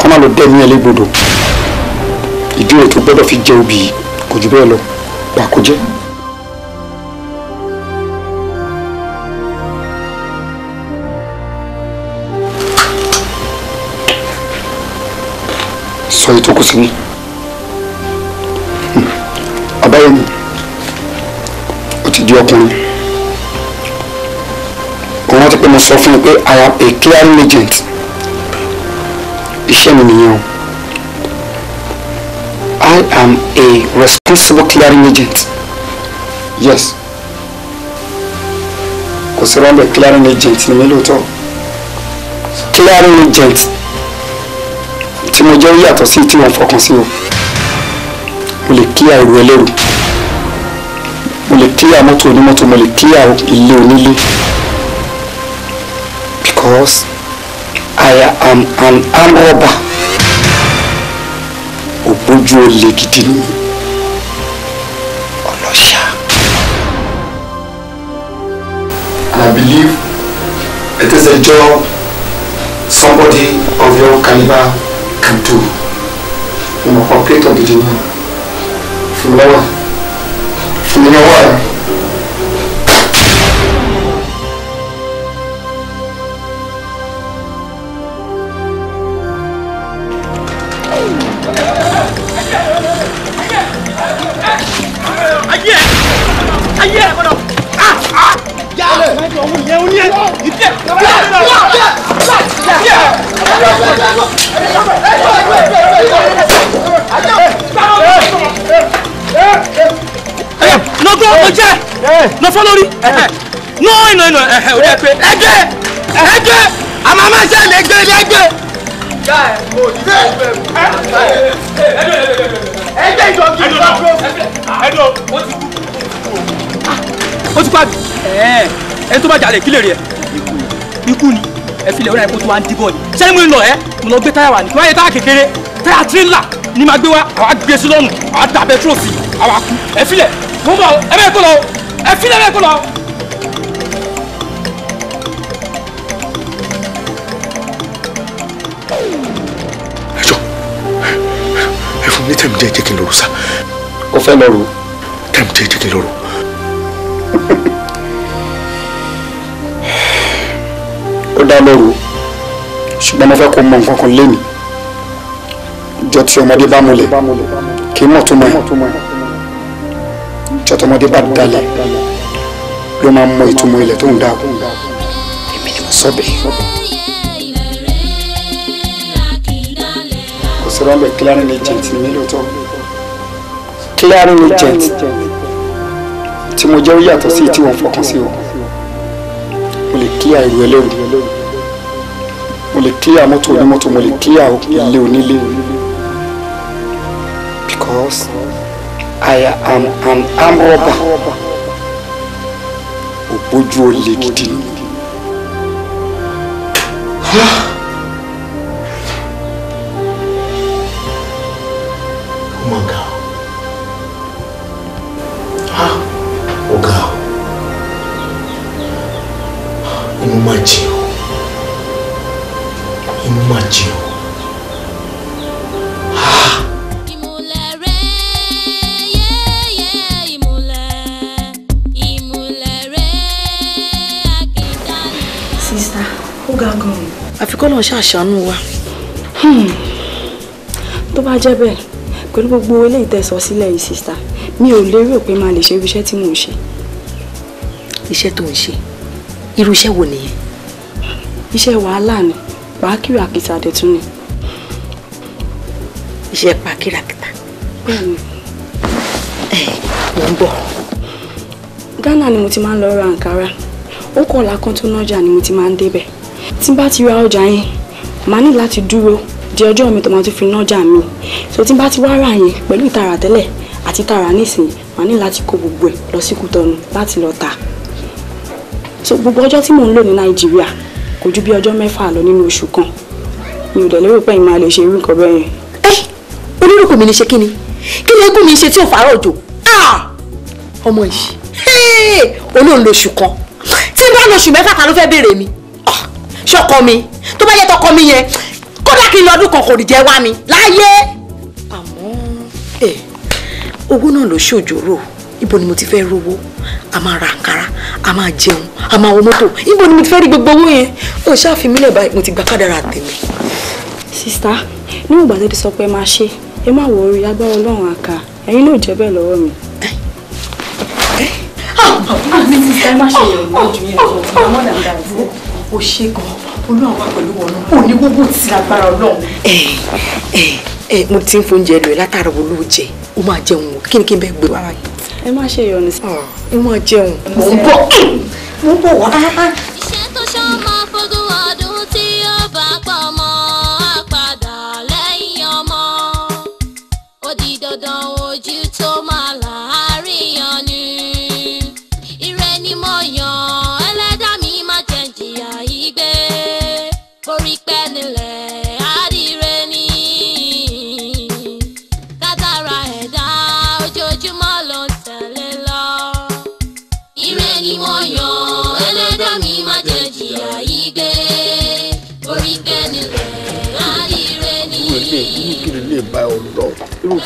kọ́ má lọ dẹ́ ní ẹlẹ́gbọ̀dọ̀ ìbéèrè tó gbọ́dọ̀ fi jẹ́ obì kò jù bẹ́ẹ̀ lọ gbà kó jẹ́. sọ èyí tó kù sí hmm. ni Ọbáyọ̀mí ó ti di ọkùnrin òun rántí pé mo sọ fún un pé I am a clearing agent iṣẹ́ mi nìyẹn o. I am a responsible clearing agent. Yes. Kò sí rọ́ọ̀bẹ̀ clearing agent ni mí lóòótọ́. Clearing agent tí mo jẹ́ ó yàtọ̀ sí tí wọ́n fọkàn sí o. Mo lè kíyà ẹrù ẹlẹ́rù. Mo lè kíyà mọ́tò onímọ́tò. Mo Because I am an armed robber ojú olè gidi ni ọlọ́ṣà. I believe it is a job somebody of your caliber can do. Mo mọ̀ pọ̀ pé tọ̀ gidi ni fún mi lọ́wọ́ fún mi lọ́wọ́ rẹ̀. gbọ́ mo jẹ́ lọ fọ́ lórí no no no ẹ̀hẹ̀ pé ẹgbẹ́ ẹgbẹ́ àmọ́ máa ṣe lẹ́gbẹ́ lẹ́gbẹ́. ẹgbẹ́ ìjọ kì í sọ ẹni tó bá jalè kílè rí ẹ ikú ni ẹ fi lè ọ̀rẹ́ ẹ̀kọ́ tó wá ń dìbò ni ṣé mo lọ ẹ eh? mo lọ gbé táyà wà ní kí wọ́n yẹ táyà kékeré táyà tírélà ni màá gbé wá àwa gbé e sí àwa dà bẹ́tírò sí àwa kú ẹ filẹ̀ mo ń bọ̀ ẹ bẹ́ẹ̀ kó lọ ẹ fi lẹ́ẹ̀ kó lọ. ẹjọ ẹ fún mi ní tẹ̀mí díẹ̀ jẹ́ kí n lọ rò sá. ó fẹ́ lọ rò. tẹ̀mí díẹ̀ jẹ́ kí n lọ rò. ó dá lóru ṣùgbọ́n mo fẹ́ kó mọ nǹkan kan lé mi jọ tí ọmọdé bá múlẹ̀ kí n mọ̀ tó mọ̀ ẹ́ tọ́tọmọdé bá dalẹ̀ ló máa mọ ìtumọ̀ ilẹ̀ tó ń dà kú èmi ni mo sọ bẹ́ẹ̀. kò sí rọ́ọ̀bẹ̀ clearing agent ni mí lóòótọ́ clearing agent tí mo jẹ́ ó yàtọ̀ sí tí wọ́n fọkàn sí o mo lè clear ìlú ẹlẹ́rù mo lè clear mọ́tò onímọ́tò mo lè clear ilé onílé. I am an arm robber ògbójú olè gidi kọ́lọ̀ ṣàṣánú wa. Hmm. tó bá jẹ́ bẹ́ẹ̀ pẹ̀lú gbogbo eléyìí tẹ́ sọ sílẹ̀ yìí sister mi ò lérò pé máa lè ṣe irú iṣẹ́ tí mò ń ṣe. iṣẹ́ tó ń ṣe irú iṣẹ́ wo nìyẹn. iṣẹ́ wàhálà ni pàákìràkìtà dẹ̀ tún ni. iṣẹ́ pàákìràkìtà. bẹ́ẹ̀ ni. ẹ mò ń bọ̀. Ghana ni mo ti máa ń lọ ra Ankara ó kọ̀ lákàn tó nájà ni mo ti máa ń débẹ̀ tí n bá ti ra ọjà yẹn màá ní láti dúró di ọjọ́ mi tó máa tún fi nájà mi so tí n bá ti wá rà yẹn pẹ̀lú ìtara tẹ́lẹ̀ àti ìtara nísìnyí màá ní láti kó gbogbo ẹ̀ lọ sí Kútọ́nù láti lọ tà so gbogbo ọjọ́ tí mò ń lò ní Nàìjíríà kò ju bí ọjọ́ mẹ́fà lọ nínú oṣù kan mi ò dẹ̀ lérò pé ìmọ̀ àlè ṣe irú nǹkan bẹ́ẹ̀ yẹn. ẹ onírúkọ mi lè ṣe kíni kí ló gún mi ṣe tí ò fàárọ̀ òjò ọmọ yìí olóòlóṣù kan tí n bá lóṣù mẹ́fà ta ló fẹ́ béèrè mi ṣọkọ mi tó bá yẹ tọkọ mi yẹn kódà kí n lọ́dún kan kò ní jẹ́ wá mi láyé. àmọ́ owó náà ló ṣòjòrò ibo ni mo ti fẹ́ rówó a máa ra àǹkárá a máa jẹun a máa wọ mọ́tò ibo ni mo ti fẹ́ rí gbogbo owó yẹn ó ṣáàfin mílẹ̀ báyìí mo ti gba kádàrà tèmi. sista níwọ̀n ìgbà tẹ́tí sọ pé máa ṣe ẹ má wọ orí agbára ọlọ́run àká ẹ̀yin náà jẹ́ bẹ́ẹ̀ lọ́wọ́ mi. ẹ ẹ àmì sísá ẹ má ṣe ìrọ̀lú ojú yẹn tó ọmọ dàgbà àti o ṣe gan olú àwọn pẹ̀lú wọn náà ò ní gbogbo ti agbára ọlọ́run. ẹ ẹ ẹ mo ti ń fóúnjẹ lọ ẹ látara olú jẹ ó máa jẹun o kí ni kí n bẹ gbé wàrà ẹ má ṣe yọ ní. Ah, ẹ má jẹun. mo ń bọ̀ mo ń bọ̀ wá. iṣẹ́ tó ṣọ́ ọmọ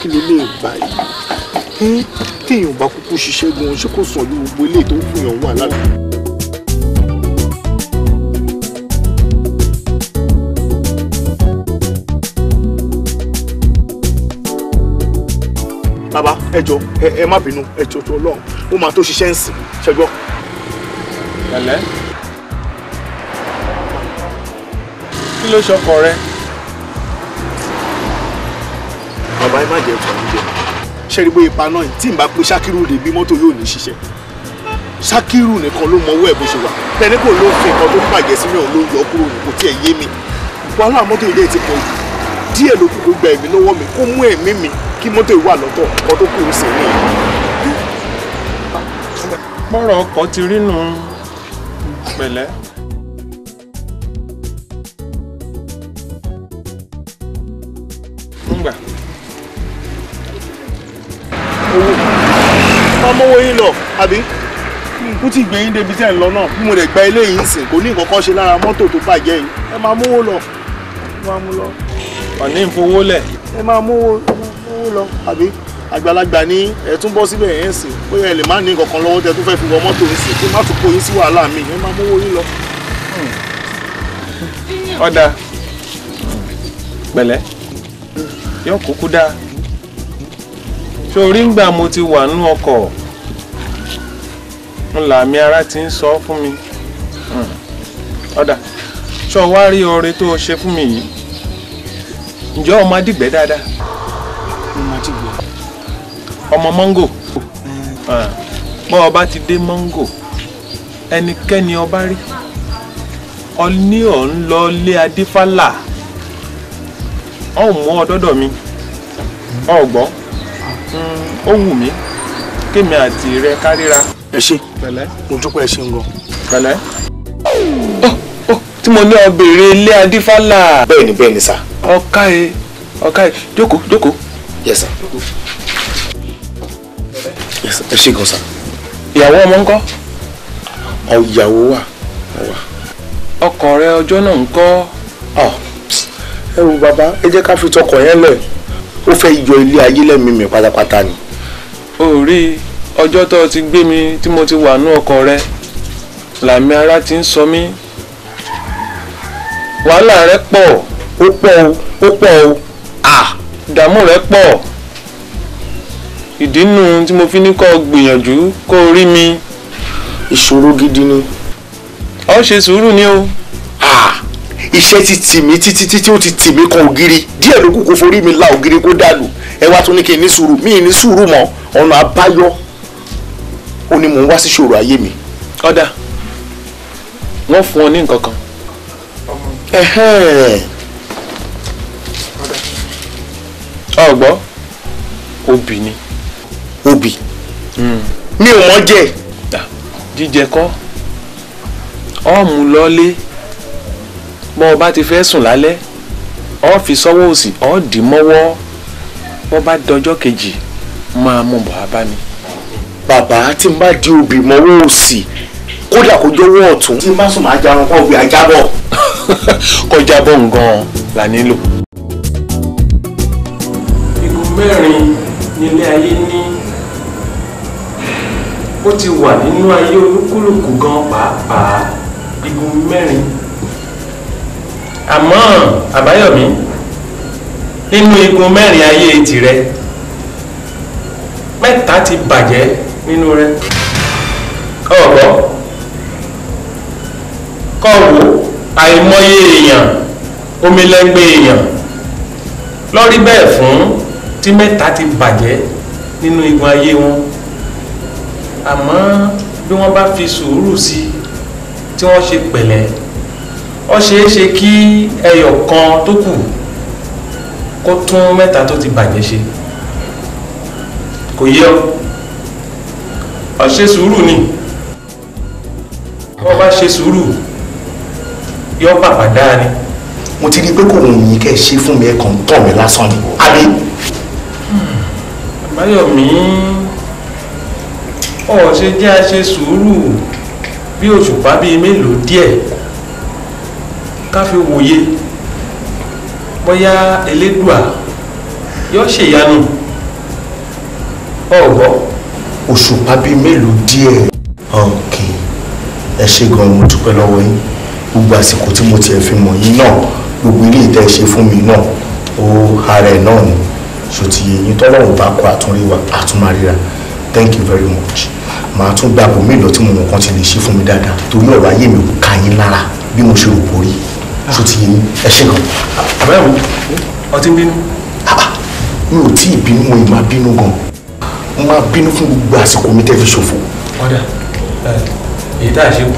kí ló lè gbà yìí téèyàn bá kúkú ṣiṣẹ́ gan ṣé kò sàn yóò gbogbo eléyìí tó ń fún wà lálẹ́. bàbá ẹ jọ̀ọ́ ẹ má bínú ẹ jọ̀ọ́ tó lọ ó máa tó ṣiṣẹ́ ń sìn ṣẹgbọ́. pẹ̀lẹ́ kí ló ṣọkọ rẹ. bàbá ẹ má jẹ́ fún oúnjẹ ṣẹ́rí bóyá ipa náà tí n bá pe ṣákírù rè bí mọ́tò yóò ní ṣiṣẹ́ ṣákírù nìkan ló mọ owó ẹ̀ bó ṣe wà tẹ̀lé kò ló fi nǹkan tó bàjẹ́ sínú ẹ̀ ló yọ kúrò ní kò tí ẹ̀ yé mi wàhálà mọ́tò ilé ti pọ̀ jù díẹ̀ ló kúkú gba ẹ̀mí lọ́wọ́ mi kó mú ẹ̀mí mi kí mọ́tò ìwà lọ́tọ̀ ọkọ̀ tó kù sí mi. pọ́rọ̀ ọkọ̀ ti rí nù pẹ̀lẹ́. kówó yín lọ àbí kú ti gbẹ̀yìn débi tẹ̀ ń lọ náà bí mo lè gba ilé yìí ń sìn kò ní nǹkan kan ṣe lára mọ́tò tó bàjẹ́ yìí ẹ máa mówó lọ ẹ máa mú lọ. ọ̀ní ìfowó lẹ̀. ẹ máa mówó lọ àbí àgbàlagbà ní ẹ tún bọ́ síbẹ̀ yẹn ń sìn bóyá ẹ lè má ní nǹkan kan lọ́wọ́ tẹ tó fẹ́ fi wọ mọ́tò ń sìn kí má tún kó yín sí wàhálà mi ẹ máa mówó yín lọ. Hmm. ọ̀dà pẹ̀lẹ́ yọ kúkú dáa ṣorí ń mo ti wà nú ọkọ̀ ń là mí ara ti ń sọ fún mi hmm. ọ̀dà ṣọ wá rí oore tó o ṣe fún mi yìí ǹjẹ́ ọmọ adìgbẹ́ dáadáa ọmọ mọ́ngò eh. ah. bọ́ ọba ti dé mọ́ngò ẹnikẹ́ni ọba rí ọní ọ̀ ń lọ lé adífálà ọ̀ mú ọ dọ́dọ̀ mi ọ̀ gbọ́ ah. hmm. ó wù mí kémi àti rẹ kárìíra. ẹ ṣe pẹ̀lẹ́. mo dúpẹ́ ṣe ń gan. pẹ̀lẹ́. Oh, oh, tí mo ní ọ béèrè ilé adífálà. bẹ́ẹ̀ni bẹ́ẹ̀ni sá. ọkà ẹ ọkà ẹ jókòó jókòó. yes sir. yes sir ẹ ṣe gan sá. ìyàwó ọmọ ńkọ́. ìyàwó wà wà. ọkọ rẹ ọjọ́ náà ńkọ́. ẹ wo bàbá ẹ jẹ́ ká fi tọkọ yẹn lẹ̀ ó fẹ́ yọ ilé ayé lẹ́mìí mi pátápátá ni. orí. Oh, ọjọ́ tó ti gbé mi tí mo ti wà ní ọkọ rẹ làmì ara ti ń sọ mí wàhálà rẹ pọ̀ ó pọ̀ o ó pọ̀ o ìdààmú rẹ pọ̀ ìdí nù tí mo fi ní kó gbìyànjú kó rí mi. ìṣòro gidi ni. ọ ṣe sùúrù ni o. ah iṣẹ́ ti tì mí títí títí ó ti tì mí kan ògiri díẹ̀ ló kù forí mi la ògiri kó dàlù ẹ wá tún ní kí n ní sùúrù mí ní sùúrù mọ́ ọ̀nà àbáyọ ó ní mò ń wá sí ṣòro ayé mi. ọ̀dà wọ́n fún ọ ní nǹkan kan. ọ̀gbọ́ obì ni. obì hmm. mi ò mọ̀ jẹ. jíjẹ kọ́ ọ̀mù lọ́lé bọ́ ọ bá ti fẹ́ sùn lálẹ́ ọ fi sọ́wọ́ òsì ọ dì mọ́wọ́ bọ́ bá dọjọ́ kejì máa mú bọ̀ á mi bàbá tí n bá di òbí mọ́wọ́ òsì kódà kó jọ̀wọ́ ọ̀tún. tí n bá sùn máa jarun kọ́ òbí àjábọ̀. kọjá bọ̀ ngan la nílò. igun mẹ́rin nílé ayé ní ó ti wà nínú ayé olúkúlùkù gan pàápàá igun mẹ́rin àmọ́ àbáyọ̀mí nínú igun mẹ́rin ayé tirẹ̀ mẹ́ta ti bàjẹ́ nínú rẹ ọ̀gbọ́ kọ́ wò àìmọye èèyàn omi lẹ́gbẹ́ èèyàn lọ́rí bẹ́ẹ̀ fún tí mẹ́ta ti bàjẹ́ nínú igun ayé wọn àmọ́ bí wọ́n bá fi sùúrù sí tí wọ́n ṣe pẹ̀lẹ́ ó ṣeé kí ẹyọ kan tó kù kó tún mẹ́ta tó ti bàjẹ́ ṣe kò yẹ ọ́ àṣe sùúrù ni wọ́n bá ṣe sùúrù yọ bàbá dáa ni. mo ti rí i pé kò wù mí kẹ́ ẹ ṣe fún mi ẹ kàn ń tàn mí lásán ni àbí. àbáyọ̀mí hmm, ọ̀ ṣe jẹ́ àṣe sùúrù bí òṣùpá bíi mélòó díẹ̀ ká fi wòye bóyá elédùà yóò ṣèyanu ọ̀gbọ́n òṣùpá bíi mélòó díẹ̀ ọ̀nkì ẹ ṣe gan mo dúpẹ́ lọ́wọ́ yín gbogbo àsìkò tí mo tiẹ̀ fi mọ̀ yín náà gbogbo ilé ìtẹ́ ṣe fún mi náà ó ara ẹ̀ náà ni ṣòtì yẹn tọ́lọ́run bá kọ àtúnrí wa àtúnmáríra thank you very much màá tún gbàgbọ́ mélòó tí mo mọ̀ kan ti lè ṣe fún mi dáadáa torí ọ̀rọ̀ ayé mi kò ká yín lára bí mo ṣe rò kó rí ṣòtì yẹn ẹ ṣe gan. àbẹ̀wò ọtí bínú. Ah, ah, mi ò tí ì bínú mo ì máa bínú gan-an mo máa bínú fún gbogbo àsìkò mi tẹ́ fi ṣòfò. ọ̀dà èyí tá a ṣe kú.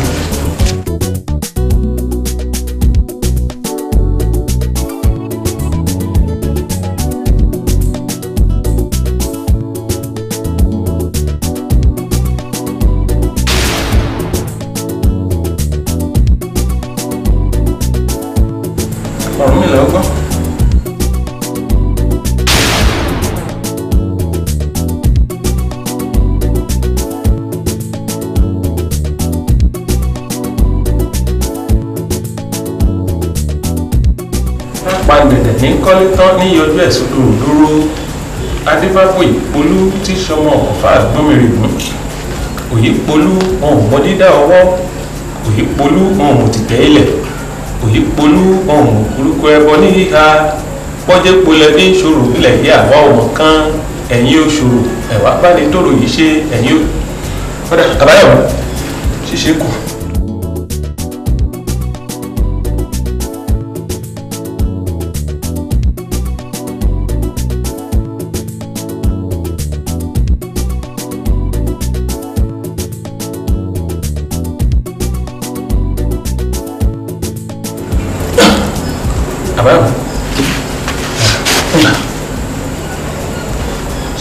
tọ́ ní yọjú ẹ̀ sódò dúró adébábò ìpolú tí sọmọ ọ̀fà gbọ́mìrìgún òye polú ọ̀hún mọ́ dídá ọwọ́ òye polú ọ̀hún tìtẹ́ ilẹ̀ òye polú ọ̀hún kúrúkú ẹbọ ní híha pọ́jẹ́ polẹ̀ ní ìṣòro nílẹ̀ yìí àwa ọmọ kan ẹ̀yìn òṣòro ẹ̀wà bá ní tòrò yìí ṣe ẹ̀yìn ó kọ́dà àbáyọ̀ ṣíṣe kù.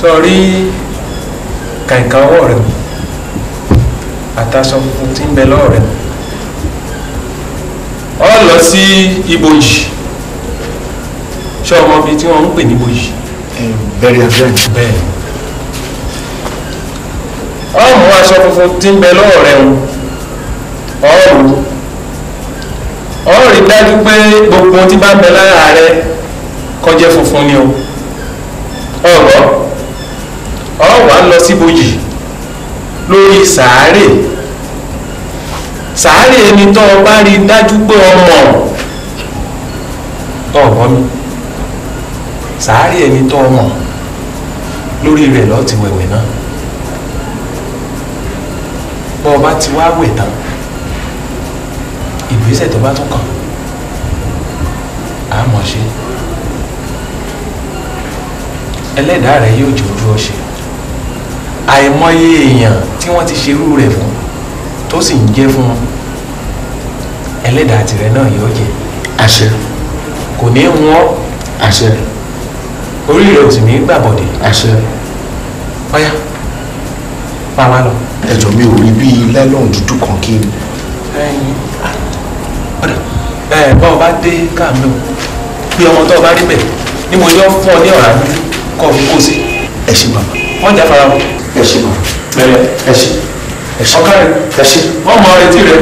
sọ rí kàìkà ọwọ́ rẹ̀ àtàṣọ funfun tí ń bẹ lọ́wọ́ rẹ̀ ọ lọ sí ibojì ṣé ọmọ bíi tí wọ́n ń pè ní ibojì. bẹ́ẹ̀ni bẹ́ẹ̀ni. ọ mú aṣọ funfun tí ń bẹ lọ́wọ́ rẹ̀ ọ̀rùn ọ̀rùn dájú pé gbogbo tí bá ń bẹ lára rẹ̀ kọjá funfun ni o ọ̀rọ̀ ọ̀rọ̀ wa lọ síbojì lórí sàárè sàárè ẹni tó o bá rí dájú pé ọmọ tó ọ̀rọ̀ mi sàárè ẹni tó ọmọ lórí rẹ̀ lọ́ọ́ ti wẹ̀wẹ̀ náà bọ́ ọba ti wá wẹ̀ tán ìgbésẹ̀ tó bá tún kàn á mọ̀ ṣe ẹlẹ́dàá rẹ̀ yóò jẹ́ ojú ọṣẹ àìmọye èèyàn tí wọ́n ti ṣerú rẹ̀ fún tó sì ń jẹ́ fún ẹlẹ́dàá tirẹ̀ náà yóò jẹ́ àṣẹ kò ní wọ́n àṣẹ orí rẹ̀ ò sì ní gbàbọ̀dẹ̀ àṣẹ ọ̀yá pàmò lọ. ẹ̀jọ̀ mi ò rí bíi láìlọ́ọ̀n dúdú kan kí ni. ẹ bọ́ọ̀ bá dé káàmì o bí ọmọ tó o bá rí bẹ̀ ni mo yọ fún ọ ní ọ̀rá dúdú kọ́ mi kó sí. ẹ ṣe bàbá. wọ́n jà fara wọn. ẹ ṣe bàbá. bẹ̀rẹ̀ ẹ ṣe. ọkàrẹ̀ ẹ ṣe. wọ́n mọ ọrẹ tí rẹ̀.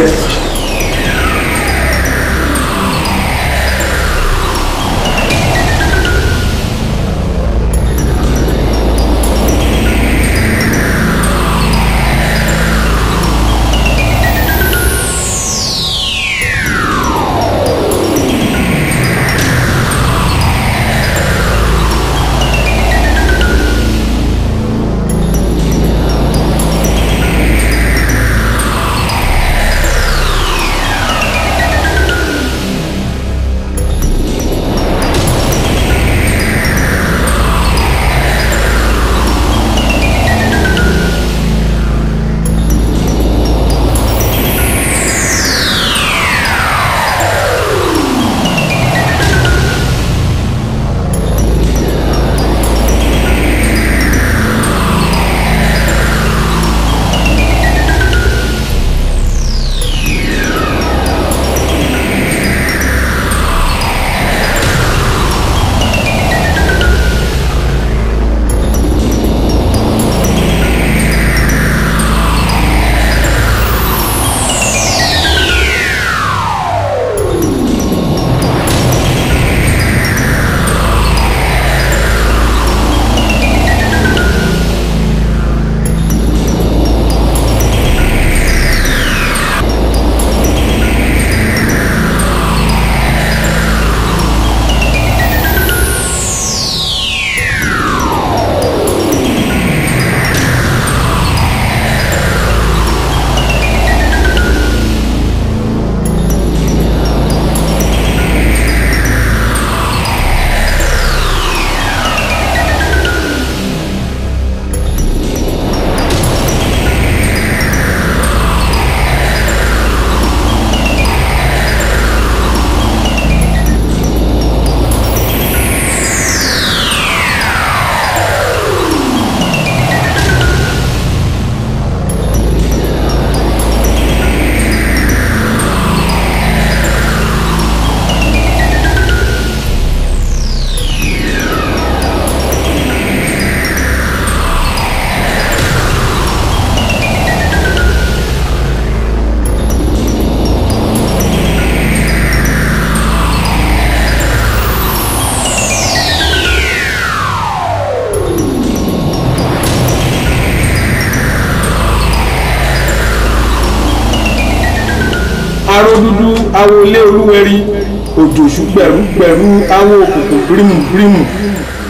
pẹ̀lú àwọn òkùnkùn bírímùbírímù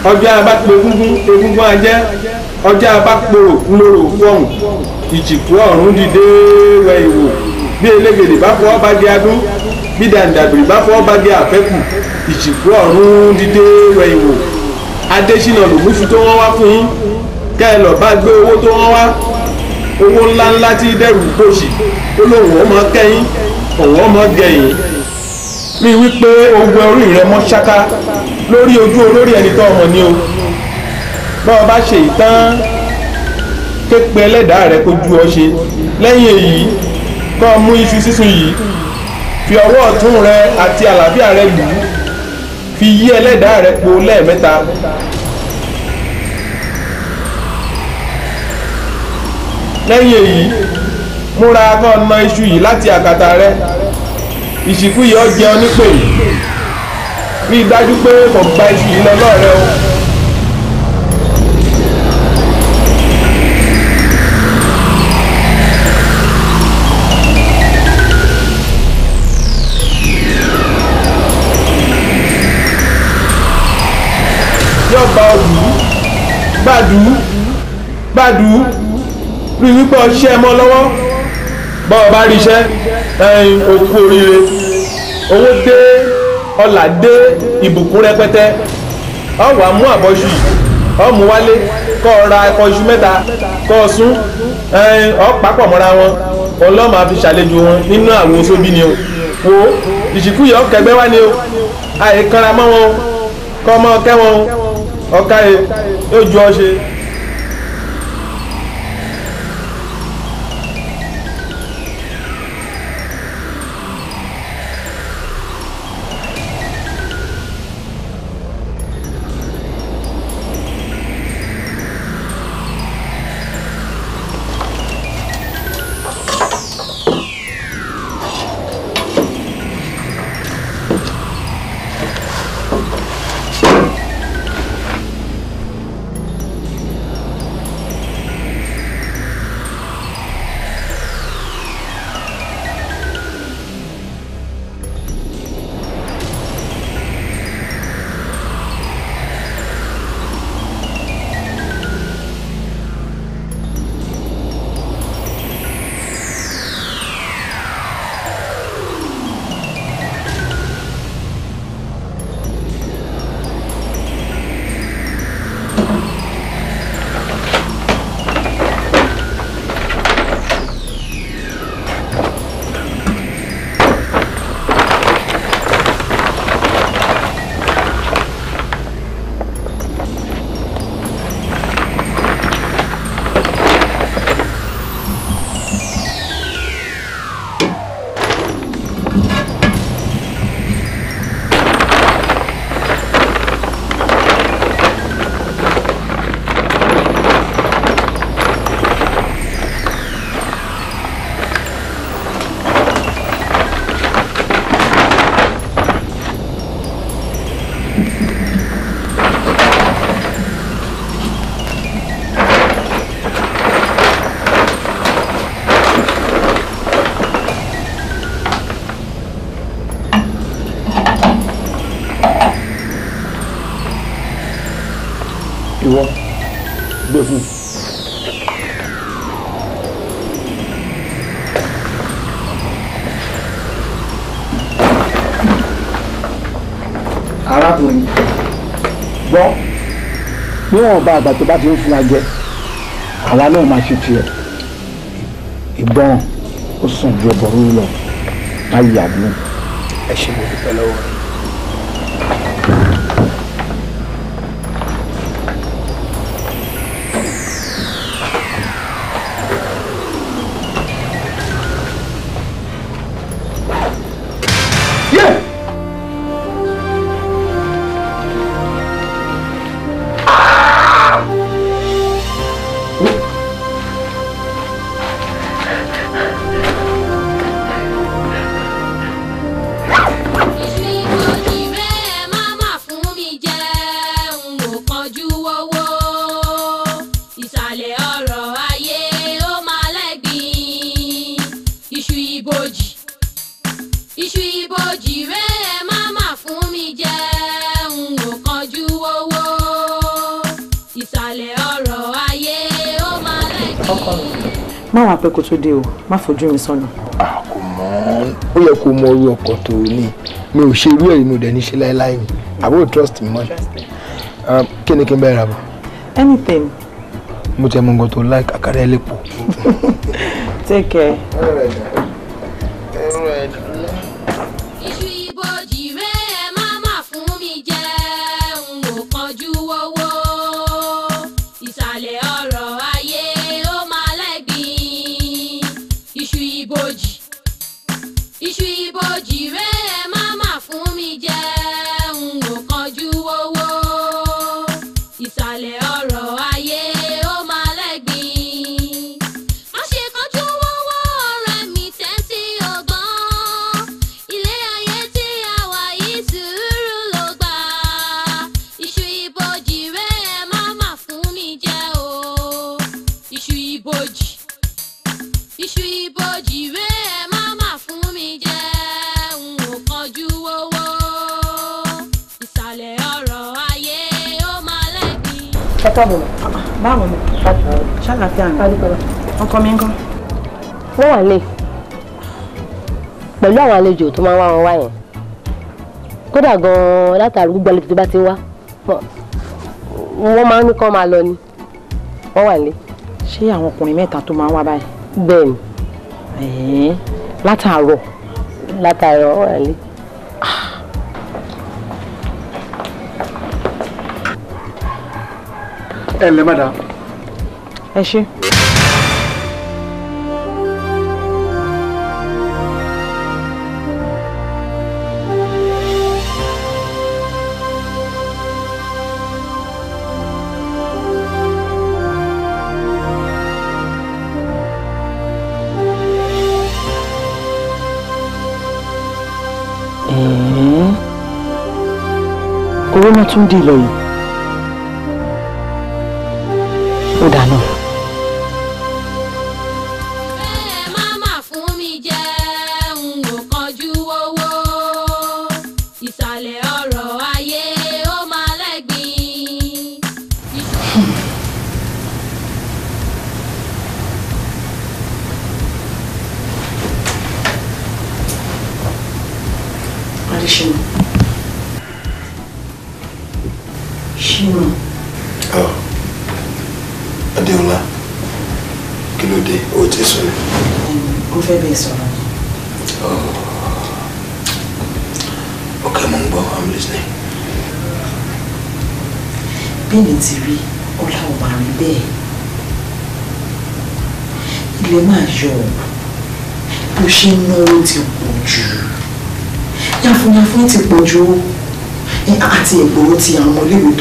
ọjọ́ abápo egúngún egúngún ajẹ́ ọjọ́ abáporò ńlọrọ̀ òkú ìjìkú ọ̀run dìde wẹ ìwò bí elégèdè bá fọwọ́ bá di adún bí dàǹdàbìrì bá fọwọ́ bá di àfẹ́kù ìjìkú ọ̀run dìde wẹ ìwò adésínà lòmúṣu tó wọ́n wá fún yín kẹ́ ẹ lọ bá gbé owó tó wọ́n wá owó ńláńlá tí dẹ́rù gbòòsì ó lóun ọmọ kẹ́yìn òun ọmọ gẹ̀yìn bí wípé o wẹ orí rẹ mọ́ ṣáká lórí ojú olórí ẹni tó ọmọ ni o bọ́ọ̀ bá ṣe ìtàn képe ẹlẹ́dàá rẹ kó ju ọ ṣe lẹ́yìn èyí kọ́ mú iṣu sísun yìí fi ọwọ́ ọ̀tún rẹ àti àlàáfíà rẹ lù ú fi yí ẹlẹ́dàá rẹ po lẹ́ẹ̀mẹ́ta lẹ́yìn èyí múra kọ́ na iṣu yìí láti àkàtà rẹ ìsìnkú yìí ọ jẹun nípè rí i dájú pé kò gba iṣu yìí lọ lọ́rẹ́ o. yọba ọdù gbàdú gbàdú rí wípé ọṣẹ mọ́ lọ́wọ́ bọ́ọ̀ bá ríṣẹ́ ẹ̀yìn òkú oríire owó dé ọlà dé ìbùkún rẹpẹtẹ ọwọ́ àmú àbọ̀ṣù yìí ọmú wálé kọ́ ọ ra ẹ̀kọ́ iṣu mẹ́ta kọ́ ọ sún ọ papọ̀ mọ́ra wọn ọlọ́mọ àfi ṣàlejò wọn nínú àwọn sóbì ni o wo ìsìnkú yìí ọkẹgbẹ́ wá ni o àìkanra mọ́ wọn kọ́ ọmọ ọkẹ́ wọn ọkàyè yóò ju ọ ṣe. níwọ̀n bá àgbà tó bá ti ń fún wa jẹ àwa náà máa ṣe tiẹ̀ ìgbọràn ó sàn ju ẹbọ rúru lọ láyé àbúrò ẹ ṣe mo dúpẹ́ lọ́wọ́ rẹ. má wàá pẹ́ kó tó dé o má fojú mi sọnù. a kò mọ̀ ó yẹ kó mọ orú ọkọ tó o ní mi ò ṣe irú ẹ̀ inú rẹ̀ ní láéláé mi àbúrò trust me mọ́ kí ni kí n bẹ́ẹ̀ rà bọ̀. anything. mo tẹ mọ nǹkan tó like àkàrà ẹ̀ lè pọ̀. take care. tọ́bù báwo ni ṣàlàfíà ni ọkọ mi ń kọ́. wọ́n wà lè pẹ̀lú àwọn àlejò tó máa ń wá wọn wá yẹn kódà gan-an látàrí gbogbo àlejò tó bá ti wá wọ́n máa ń ní kán máa lọ ni wọ́n wà lé. ṣé àwọn ọkùnrin mẹ́ta tó máa ń wá báyìí. bẹ́ẹ̀ látàárọ̀ látàárọ̀ wà lé. ẹ ǹlẹ́ madam. ẹ ṣé. owó náà tún dì lọ yìí. dànù.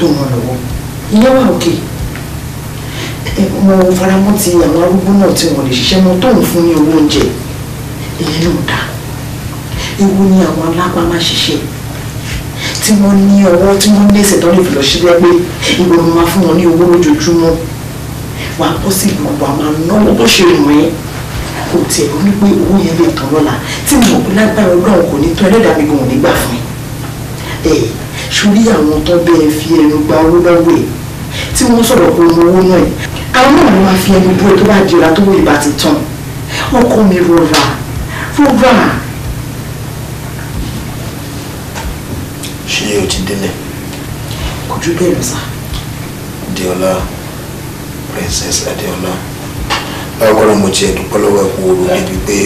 tó wọn lọ́wọ́ ìyẹn wà òkè mo faramọ́ ti àwọn arúgbó náà tí wọ́n lè ṣiṣẹ́ mọ́ tóun fún ní owó oúnjẹ ìyẹn náà dá ewu ni àwọn alápá máa ṣiṣẹ́ tí wọ́n ní ọwọ́ tí wọ́n ní ẹsẹ̀ tó lè fi lọ sílẹ̀ pé ìgbòho máa fún wọn ní owó lójoojúmọ́ wàá bọ́ sí ìgbòho àmà náwó bó ṣe rìn wọ́n kò tiẹ̀ ló ní pé owó yẹn lè tán lọ́la tí mo mọ̀ pé lágbára ọlọ́run kò ní tó ẹlẹ́dàá mi gan ní gbà fún mi sórí àwọn tó bẹ́ẹ̀ fi ẹnu gba owó lọ́wọ́ ẹ̀ tí wọ́n sọ̀rọ̀ pé mo owó náà ẹ̀ àwọn náà ló máa fi ẹnu bú ẹ tó bá jẹra tó wọ́n ìbá ti tán ọkọ mi rọra rọra. ṣé o ti délẹ̀. kò ju bẹ́ẹ̀ lọ sá. Deola Princess Adeola báwo ni mo tiẹ̀ dúpẹ́ lọ́wọ́ ẹ̀ kó o rò débi pé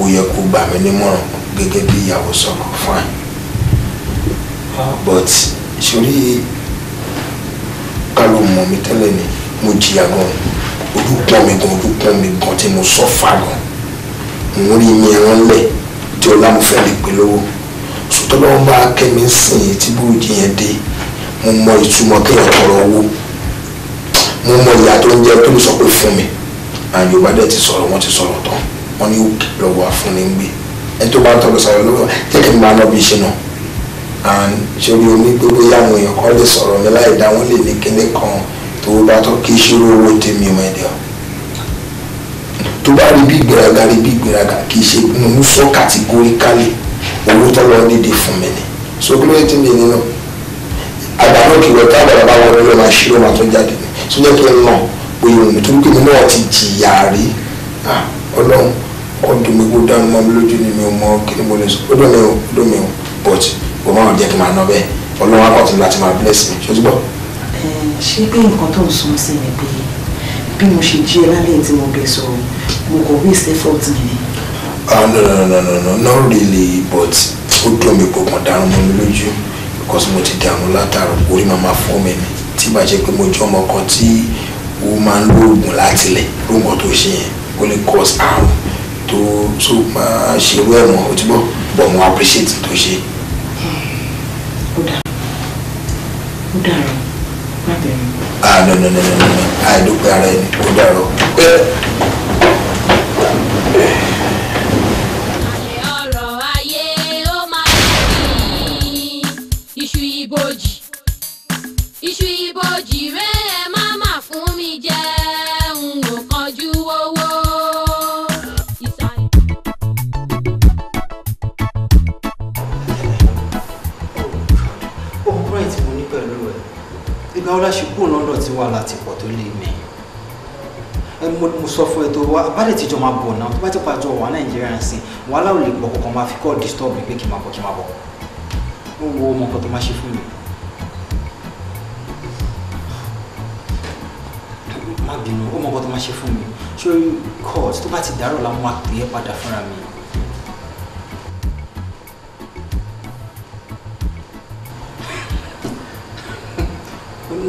o yẹ kó gbà mí nímọ̀ràn gẹ́gẹ́ bí ìyàwó sọ̀rọ̀ but sórí káló mọ̀ mi tẹ́lẹ̀ ni mo jìyà gan ojú pọ́n mi gan ojú pọ́n mi gan tí mo sọ fà gan mo rí mi ẹran lẹ̀ tí ọlámùfẹ́ lè pè lówó sọtọ́lọ́wọ́ bá kẹ́mi sìn tí burújí yẹn dé mo mọ ìtumọ̀ kéèyàn tọrọ owó mo mọ ìyá tó ń jẹ tó lè sọ pé fún mi àwọn yorùbá dẹ̀ ti sọ̀rọ̀ wọ́n ti sọ̀rọ̀ tán wọ́n ní òkè lọ́wọ́ àfúnni ń gbé ẹni tó bá ń tọrọ sàyọ̀ lọ́wọ́ jẹ́ kí n máa lọ bí iṣẹ́ náà and ṣé orí omi gbogbo yá àwọn èèyàn kan lè sọ̀rọ̀ mi láì dá wọn lè ní kinní kan tó bá tó kí ìṣirò owó tèmi ọmọ ẹ̀dẹ̀ ọ̀ tó bá rí bí ìgbéraga rí bí ìgbéraga kì í ṣe mo sọ kàtígóríkálì owó tọ́lọ́ nídìí fún mi ni so kí ló yẹ tí mi nínú àgbàdo kìlọ̀ tá àgbàdo bá wọlé lọ́ọ́ máa ṣírò máa tó jáde ní tó kí n mọ̀ òye òní tó ń pè náà ti jìyà rí ọlọ́run ọdún mi kó dáná mọ́ lójú ni mi ò mọ kí ni mo lè sọ ọdún mi ò ọdún mi ò but o máa jẹ́ kí n máa ná bẹ́ẹ̀ ọlọ́run akọ̀tún láti máa bless mi ṣó túbọ̀. ṣé pé nǹkan tó ń sún sí mi pé bí mo ṣe jí ẹ lálẹ́ tí mo bẹ̀ sọ̀rọ̀ mo kò wí effort mi ni. ah no no no no no not really but ó dùn mí pọ̀ kàn dàrún mọ́ mi lójú because mo ti dàrún látàrọ̀ orí máa máa fọ́ mi ni tí bá jẹ́ pé mo jẹ́ ọmọ kan tí ó máa ń lo oògùn láti lẹ̀ lóògùn tó ṣe yẹn ó lè cause àrùn tó tó máa ṣerú ẹ̀wọ̀n ó ti bọ̀ but mo appreciate tó ṣe ó dà ó dàrọ má bẹ̀rù. àná nà nà nà nà àìdókè ara ẹni ó dàrọ. láwọlá ṣe kúrò lọ́dọ̀ tí wà láti pọ̀ tó lé mi mo sọ fún ètò wa abálẹ̀ tíjọ máa bọ̀ náà tó bá ti pàjọ wà nàìjíríà ń sìn wàhálà ò lè pọ̀ kankan máa fi kọ́ disturb mi pé kí n máa bọ̀ kí n máa bọ̀ ó wo ọmọ kan tó máa ṣe fún mi. má bínú ó mọ kan tó máa ṣe fún mi ṣé court tó bá ti dàrọ̀ la mo máa pè é padà fúnra mi.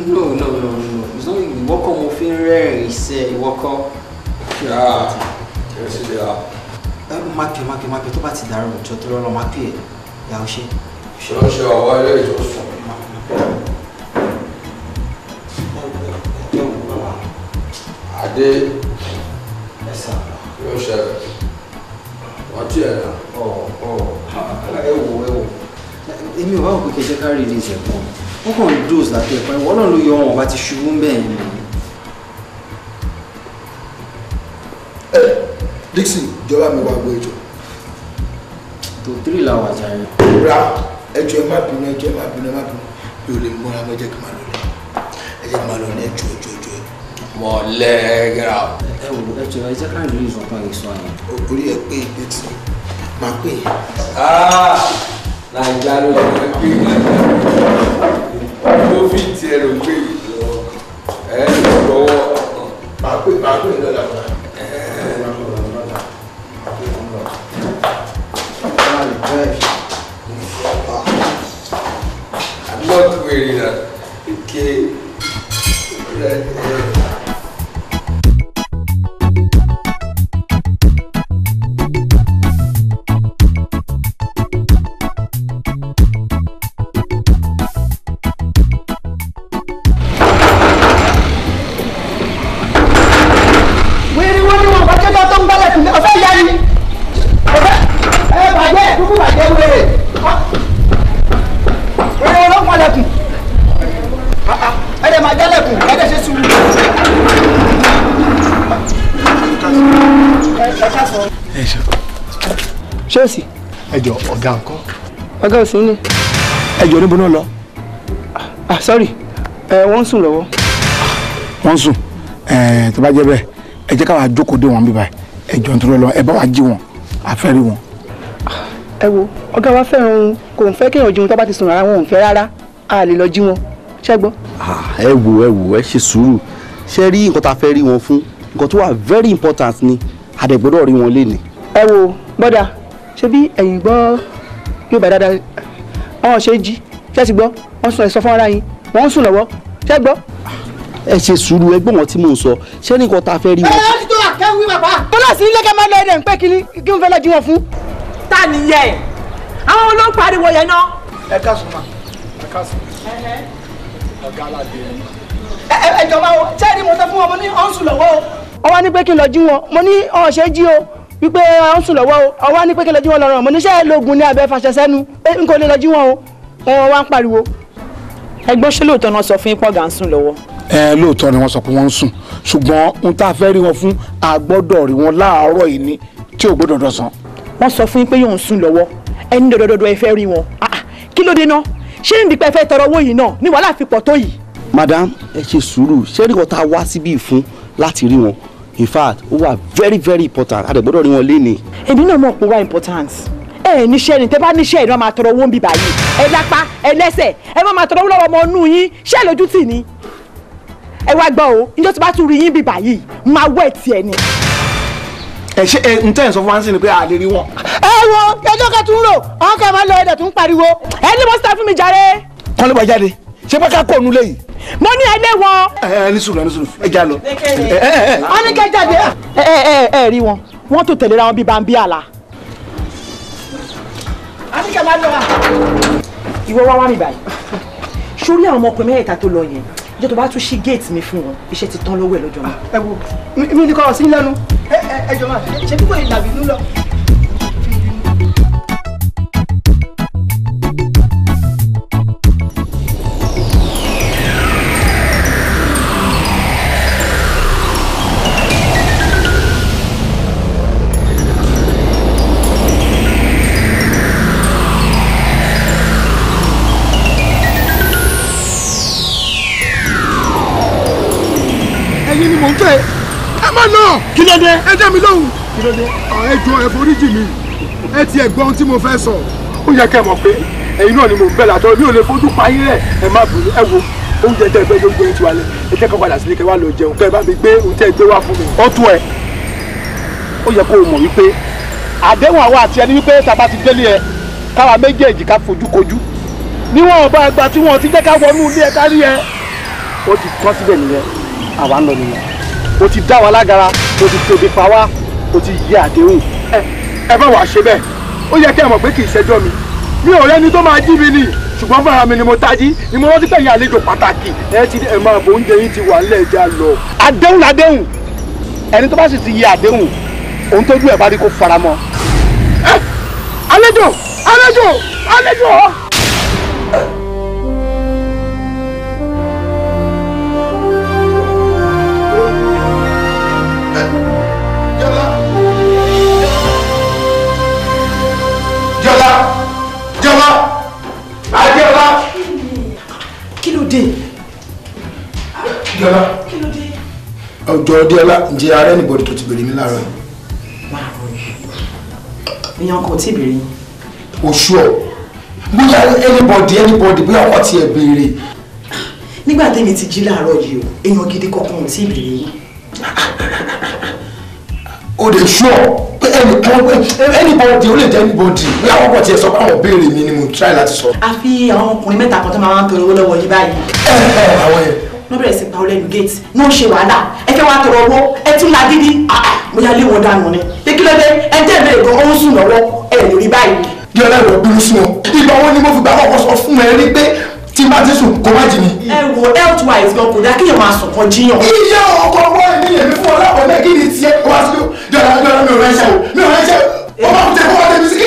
no no no no it's not ìwọ kọ́ mo fi ń rẹ́rìn iṣẹ́ ìwọ kọ́. ẹ ṣe ya. ẹ má pè má pè má pè tó bá ti dàrú ìjọ tó lọ́lọ́ má pè é yà ó ṣe. ṣọṣọ ọwọ́ ilé ìjọsìn. adé yóò ṣẹlẹ̀ wọ́n tí ẹ̀ náà. ẹ wò ẹ wò èmi ò bá òkú kẹjẹ ká rí ilé ìṣẹ̀kùn wọ́n kàn ń dose láti ẹ̀kọ́ ìwọ náà ló yọ wọn bá ti ṣubú ń bẹ́ẹ̀ ni. ẹ Dixon jọba mi wá gbọ́ ẹjọ́. tó tírì làwọn àjà yẹn. ra ẹjọ́ ẹ má bínú ẹjọ́ ẹ má bínú ẹ má bínú yóò lè mú ara mẹjẹ kí n máa lọ lẹ ẹjẹ kí n máa lọ lẹ ẹjọ́ ẹjọ́ ẹjọ́ mọlẹ gẹra. ẹ wò ó ẹjọ́ ẹ jẹ ká lórí ìfọpá yìí sọ àná. orí ẹ pé ìgbé máa pè é. Ah! nàìjíríà ló ń pè tó fi tiẹ̀ ló gbé ìlú ẹ̀ ń lọ́wọ́ máa pè máa pè lọ́la ọ̀gá ńkọ́. ọ̀gá ò sùn ni. ẹjọ níbo náà lọ. ah sorry ẹ wọ́n ń sùn lọ́wọ́. wọ́n ń sùn ẹ tó bá jẹ́ bẹ́ẹ̀ ẹ jẹ́ káwa jókòó dé wọn bí báyìí ẹjọ nítorí lọ ẹ bá wa jí wọn àfẹ́ rí wọn. ẹ wo ọ̀gá wa fẹ́ràn òun kò ń fẹ́ kéèyàn ju ohun tó bá ti sùn rárá wọn ò fẹ́ rárá a lè lọ jí wọn ṣẹ́ gbọ́. Ah, ẹ wo ẹ wo ẹ ṣe sùúrù ṣe rí nǹkan tá a fẹ́ rí wọn fún nǹkan tó wà very important ni àdẹ̀gbọ́dọ̀ rí wọn lé ni. ẹ wo bọ́dà ṣebí ẹ̀yin gbọ́ yóò bá dáadáa àwọn ṣe jí ṣẹ́sì gbọ́ wọ́n sọ ẹ̀sọ́ fún ara yín wọ́n ń sùn lọ́wọ́ ṣẹ́ gbọ́. ẹ ṣe sùúrù ẹgbọ́n wọn tí mò ń sọ ṣé ní nǹkan tá a fẹ́ rí wọn. ẹ ẹ ti tó àkẹ́wì bàbá. bọ́lá sí ilé kẹ́ máa lọ ẹ̀rẹ̀ ń pẹ́ kiri kí n fẹ́ lọ jí wọn fún. ta ni yẹ àwọn olóhùn pariwo yẹn náà. ẹ ká sùn máa ẹ ká sùn ọ̀gá aládé ẹ ẹ jọba o ṣé ẹni mo sọ fún wọn mo ní ọ̀hún sùn o. ọwọ́ ni pé kí n lọ jí wọn wípé ó sùn lọ́wọ́ o ọwọ́ ní pé kí lọ jí wọn lọ́rùn ọ̀mọ́ níṣẹ́ lóògùn ní abẹ́ fàṣẹ sẹ́nu pé n kò lè lọ jí wọn o wọn wá ń pariwo. ẹgbọ́n ṣé lóòótọ́ ni wọ́n sọ fún ipò ọ̀gá ń sùn lọ́wọ́. ẹ lóòótọ́ ni wọ́n sọ pé wọ́n ń sùn ṣùgbọ́n ohun tá a fẹ́ rí wọn fún a gbọ́dọ̀ rí wọn láàárọ̀ yìí ni tí ò gbọ́dọ̀ dọ̀sán. wọ́n sọ fún yín pé yóò ń sùn lọ́wọ́ ẹni dọ̀dọ̀dọ̀ ẹ fẹ́ rí wọn ah, kí ló dé náà ṣé ní dípẹ́ fẹ́ tọrọ owó yìí náà ní wàhálà fi pọ̀ tó yìí. madam ẹ ṣe sùúrù ṣé rí wọn tá a wá síbí fún láti rí wọn in fact ó wà very very important a dẹ̀ gbọ́dọ̀ rí wọn léni. èmi náà mọ̀ pé ó important ẹ níṣẹ́ ni tẹ́ bá níṣẹ́ ìran máa tọrọ owó ń bì báyìí ẹ lápá ẹ lẹ́sẹ̀ ẹ má máa tọrọ lọ́wọ́ ọmọ inú yín ṣé lójú tì ní. ẹ wá gbọ́ o níjọ́ tí bá tún rí yín bì báyìí máa wẹ̀ tiẹ̀ ni. ẹ ṣe ẹ ntẹ́ ìsọ fún wa ń sìn ni pé a lè rí wọn. ẹ wo ẹjọ́ kẹtùn rò ọ̀hún kẹ́ máa lọ ẹ̀dẹ̀ tó ń pariwo ẹ ní mo sá fún mi jàre. kọ́ńtà bá jáde ṣé pé ká kó ònú lẹ́yìn. mo ní ẹlẹ́ wọn. ẹ ẹ ní sùúrù ẹ ní sùúrù ẹ já lọ. a ní kẹ́ jáde. ẹ ẹ ẹ rí wọn wọn tó tẹ̀lé ra wọn bíi bambi àlà. a ní kẹ́ máa lọ wa. ìwọ wá wá mi báyìí sórí àwọn ọmọkùnrin mẹ́ta tó lọ yẹn ìjọ tó bá tún ṣí géètì mi fún wọn iṣẹ́ ti tán lọ́wọ́ ẹ lọ́jọ́ náà. ẹ wo mi ní kọ́ ọ sí lẹ́nu ẹ ẹ ẹ jọ ṣe kí kò lè lọ. kí ló dé. ẹ jẹ́ mi lóhùn. kí ló dé. ẹ jọ ẹ foríjì mi ẹ ti ẹ gbọ́ ohun tí mo fẹ́ sọ. ó yẹ kẹ́ ẹ mọ̀ pé ẹ̀yin náà ni mò ń bẹ̀ látọ̀ mi ò lè fojú pa yín rẹ̀ ẹ má bù ẹ wo oúnjẹ tẹ fẹ́ yóò gbé ètò alẹ́ ẹ jẹ́ kó padà sílé kẹ́ wá lọ jẹun kẹ́ ẹ bá mi gbé ohun tẹ́ ẹ gbé wá fún mi. ó tún ẹ ó yẹ kó o mọ̀ wípé àdéhùn àwa àti ẹni wípé tàbá ti délé ẹ káwa méjèèjì ká fojú kojú níwọ̀n ọba àgbà tí wọ́n ti jẹ́ ká wọnú ilé ẹ kárí ẹ ó ti kọ́ síbẹ̀ nìyẹn àwa ń lọ nìyẹn o ti dá wa lágara o ti tèbi pa wá o ti yí àdéhùn. ẹ ẹ bá wàá ṣe bẹ́ẹ̀ ó yẹ kí ẹ mọ̀ pé kì í ṣẹjọ́ mi mi ò rẹ́ni tó máa jí mi nì ṣùgbọ́n fúnra mi ni mo tají ni mo rántí pẹ̀yìn àlejò pàtàkì ẹ ti ẹ máa bọ oúnjẹ yín ti wà nílẹ̀ ẹja lọ. àdéhùn làdéhùn ẹni tó bá sì ti yí àdéhùn òun tójú ẹ bá rí kó faramọ́. ẹ àlejò àlejò àlejò. ọjọ́ ọdẹ́ọlá ǹjẹ́ ara ẹnìbọ̀dì tó ti bèrè mi lára. èèyàn kò tí ì bèrè yín. oṣù ọ bóyá ẹnìbọ̀dì ẹnìbọ̀dì bóyá wọ́n ti ẹ̀ bèrè. nígbà tẹ́mi ti jí láàárọ̀ yìí o èèyàn gidi kankan ò tí ì bèrè yín. o lè ṣú ọ pé ẹnìkan ẹnìbọ̀dì ó lè jẹ́ ẹnìbọ̀dì bóyá wọ́n kọ̀ tiẹ̀ sọ pé àwọn béèrè mi ni mo try láti sọ. àfi àwọn ọkùnrin mẹ́ta kan tó máa ń tọrọ owó lọ́wọ́ yìí báyìí. ẹ ẹ àwọn yẹn ló bẹ̀rẹ̀ sí pa ọ lẹ́nu gate ní ó ṣe wàhálà ẹ fẹ́ wá tọrọ owó ẹ tún la dídí ah, ah, mo yà lé wọn dànù ni pé kí ló dé ẹ tẹ́ ẹ bẹ̀rẹ̀ gan ó ń sùn lọ́wọ́ ẹ lè rí báyìí. bí ọlọ́run ọ̀gbìn sún ọ ìgbà wo ni mo fi gbà kọ́kọ́ sọ fún ẹ rí pé tí bá ti sùn kó má jì mí. ẹ wo health wise gan kò dá kéèyàn máa sùn kan jiyàn. iye ọkọ ọmọ ẹni yẹmi fún ọlọ́pàá náà kí ni tiẹ̀ wá sí ọjọ́ ọjọ́ mi ò ránṣẹ́ o mi ò ránṣẹ́ o ọmọ sí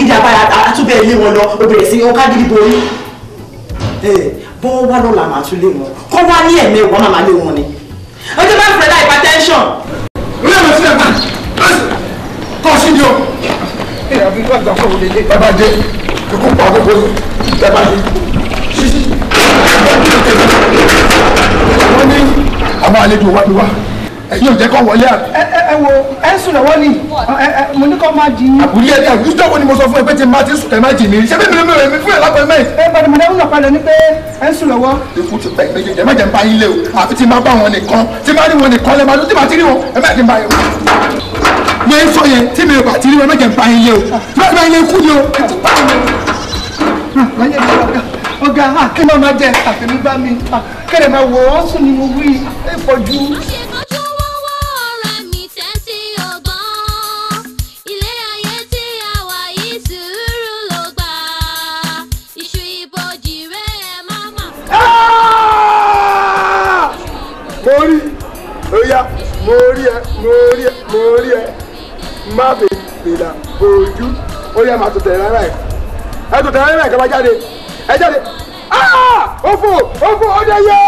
gidi agbára àtúbẹ̀ ilé wọn lọ ó bẹ̀rẹ̀ sí ó ká gidi borí bọ́n wá lọ́la màá tún lé wọn kó wá ní ẹ̀mẹ́wàá màmá lé wọn ni ọjọ́ bá fẹ́ láì hypertension. orí ẹ̀rọ sílẹ̀ bá kọ́ sí ni o. bàbá dé pa àkókò bàbá dé wọ́n ní àwọn àlejò wá ní wá ẹ̀yin ò jẹ́ kọ́ wọlé àbí. ẹ ẹ wo ẹ ń sùn lọ́wọ́ ni mo ní kọ́ máa di. àbúrí ẹ díẹ̀ wúdọ̀ wo ni mo sọ fún ẹ pé ti máa ti sùn ẹ máa jì mí ṣé bẹ́ẹ̀ mi mi mi fún ẹ lápẹ́ mẹ́ẹ̀. ẹ bàdé mo dáhùn nàpá lọ ní pé ẹ ń sùn lọ́wọ́. ikú ti pẹ́ ìgbẹ́jọ jẹ́ mẹ́jẹ̀ ń bá yín lé o àfi ti máa bá wọn nìkan ti máa rí wọn nìkan lẹ́ máa lọ tí màá ti rí wọn ẹ má ti bá yẹn. mo ń sọ yẹn tí mi ò bá ti rí wọn mẹ́jẹ̀ ń bá yín lé o tí bá ti bá yín lé kú ni o. Ah, ọ̀gá ah, kí ló máa jẹ àfẹnugbá mi ah, kẹrẹ máa wọ̀ ọ́ sùn ni mo wí ẹ fọjú. yá mo rí ẹ mo rí ẹ mo rí ẹ má bèbèlà bòójú ó yẹ màá tó tẹ̀lé rárá ẹ ẹ tó tẹ̀lé rárá ẹ kí a bá jáde ẹ jáde ah òfò òfò ọdẹ yẹ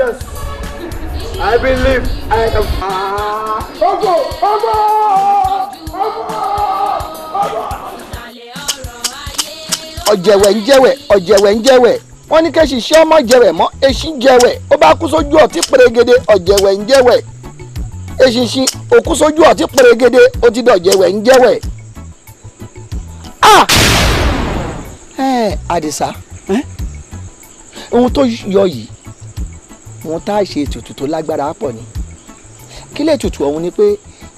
yes I believe I am ah òfò òfò òfò òfò. ọ̀jẹ̀wẹ̀ ń jẹ́wẹ̀ ọ̀jẹ̀wẹ̀ ń jẹ́wẹ̀ wọ́n ní kẹ́sì iṣẹ́ ọmọ jẹ̀wẹ̀ mọ́ èsì jẹ̀wẹ̀ ó bá kú sójú ọtí pèrègede ọ̀jẹ̀wẹ̀ ń jẹ̀wẹ̀ èsì sin òkú sójú ọtí pèrègede ó ti dọ̀ jẹ̀wẹ̀ ah! àdìsá ohun tó yọ yìí wọn tá ṣe ètùtù tó lágbára pọ̀ ni kí lè ètùtù ọ̀hún ni pé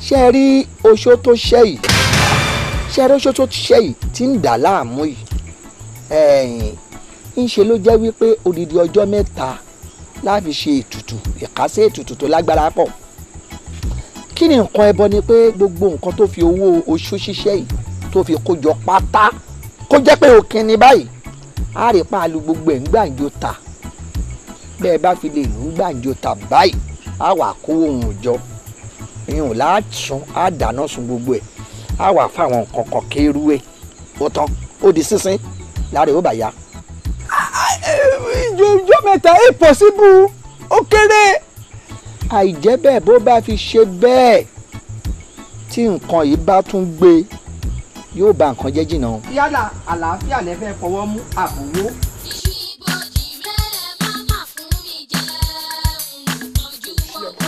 ṣe rí oṣó tó ṣẹ́ yìí ṣe rí oṣó tó ṣẹ́ yìí tí ń dà láàmú yìí ńṣe ló jẹ́ wípé odidi ọjọ́ mẹ́ta la fi ṣe ètùtù ìkásẹ̀ ètùtù tó lágbára pọ̀ kí ni nǹkan ẹbọ ni pé gbogbo nǹkan tó fi owó oṣù ṣiṣẹ́ yìí tó fi kójọ pátá kó jẹ́ pé òkè ni báyìí á rí pàálù gbogbo ẹ̀ ń gbàǹjo ta bẹ́ẹ̀ bá fi lè lù gbàǹjo ta báyìí á wà kówó òun jọ ìyẹn láàtún á dáná sun gbogbo ẹ̀ á wà fáwọn nǹkan kan ẹ̀ ó tán ó di sísín lára ó bà yá ìjọ mẹ́ta ẹ̀ eh, pọ̀síbù ó kéré àìjẹ́ bẹ́ẹ̀ bó bá fi ṣe bẹ́ẹ̀ tí nǹkan yìí bá tún gbé yóò bà nǹkan jẹ́ jìnnà. yálà àlàáfíà lẹ́fẹ̀ẹ́ fọwọ́ mú àbúrò.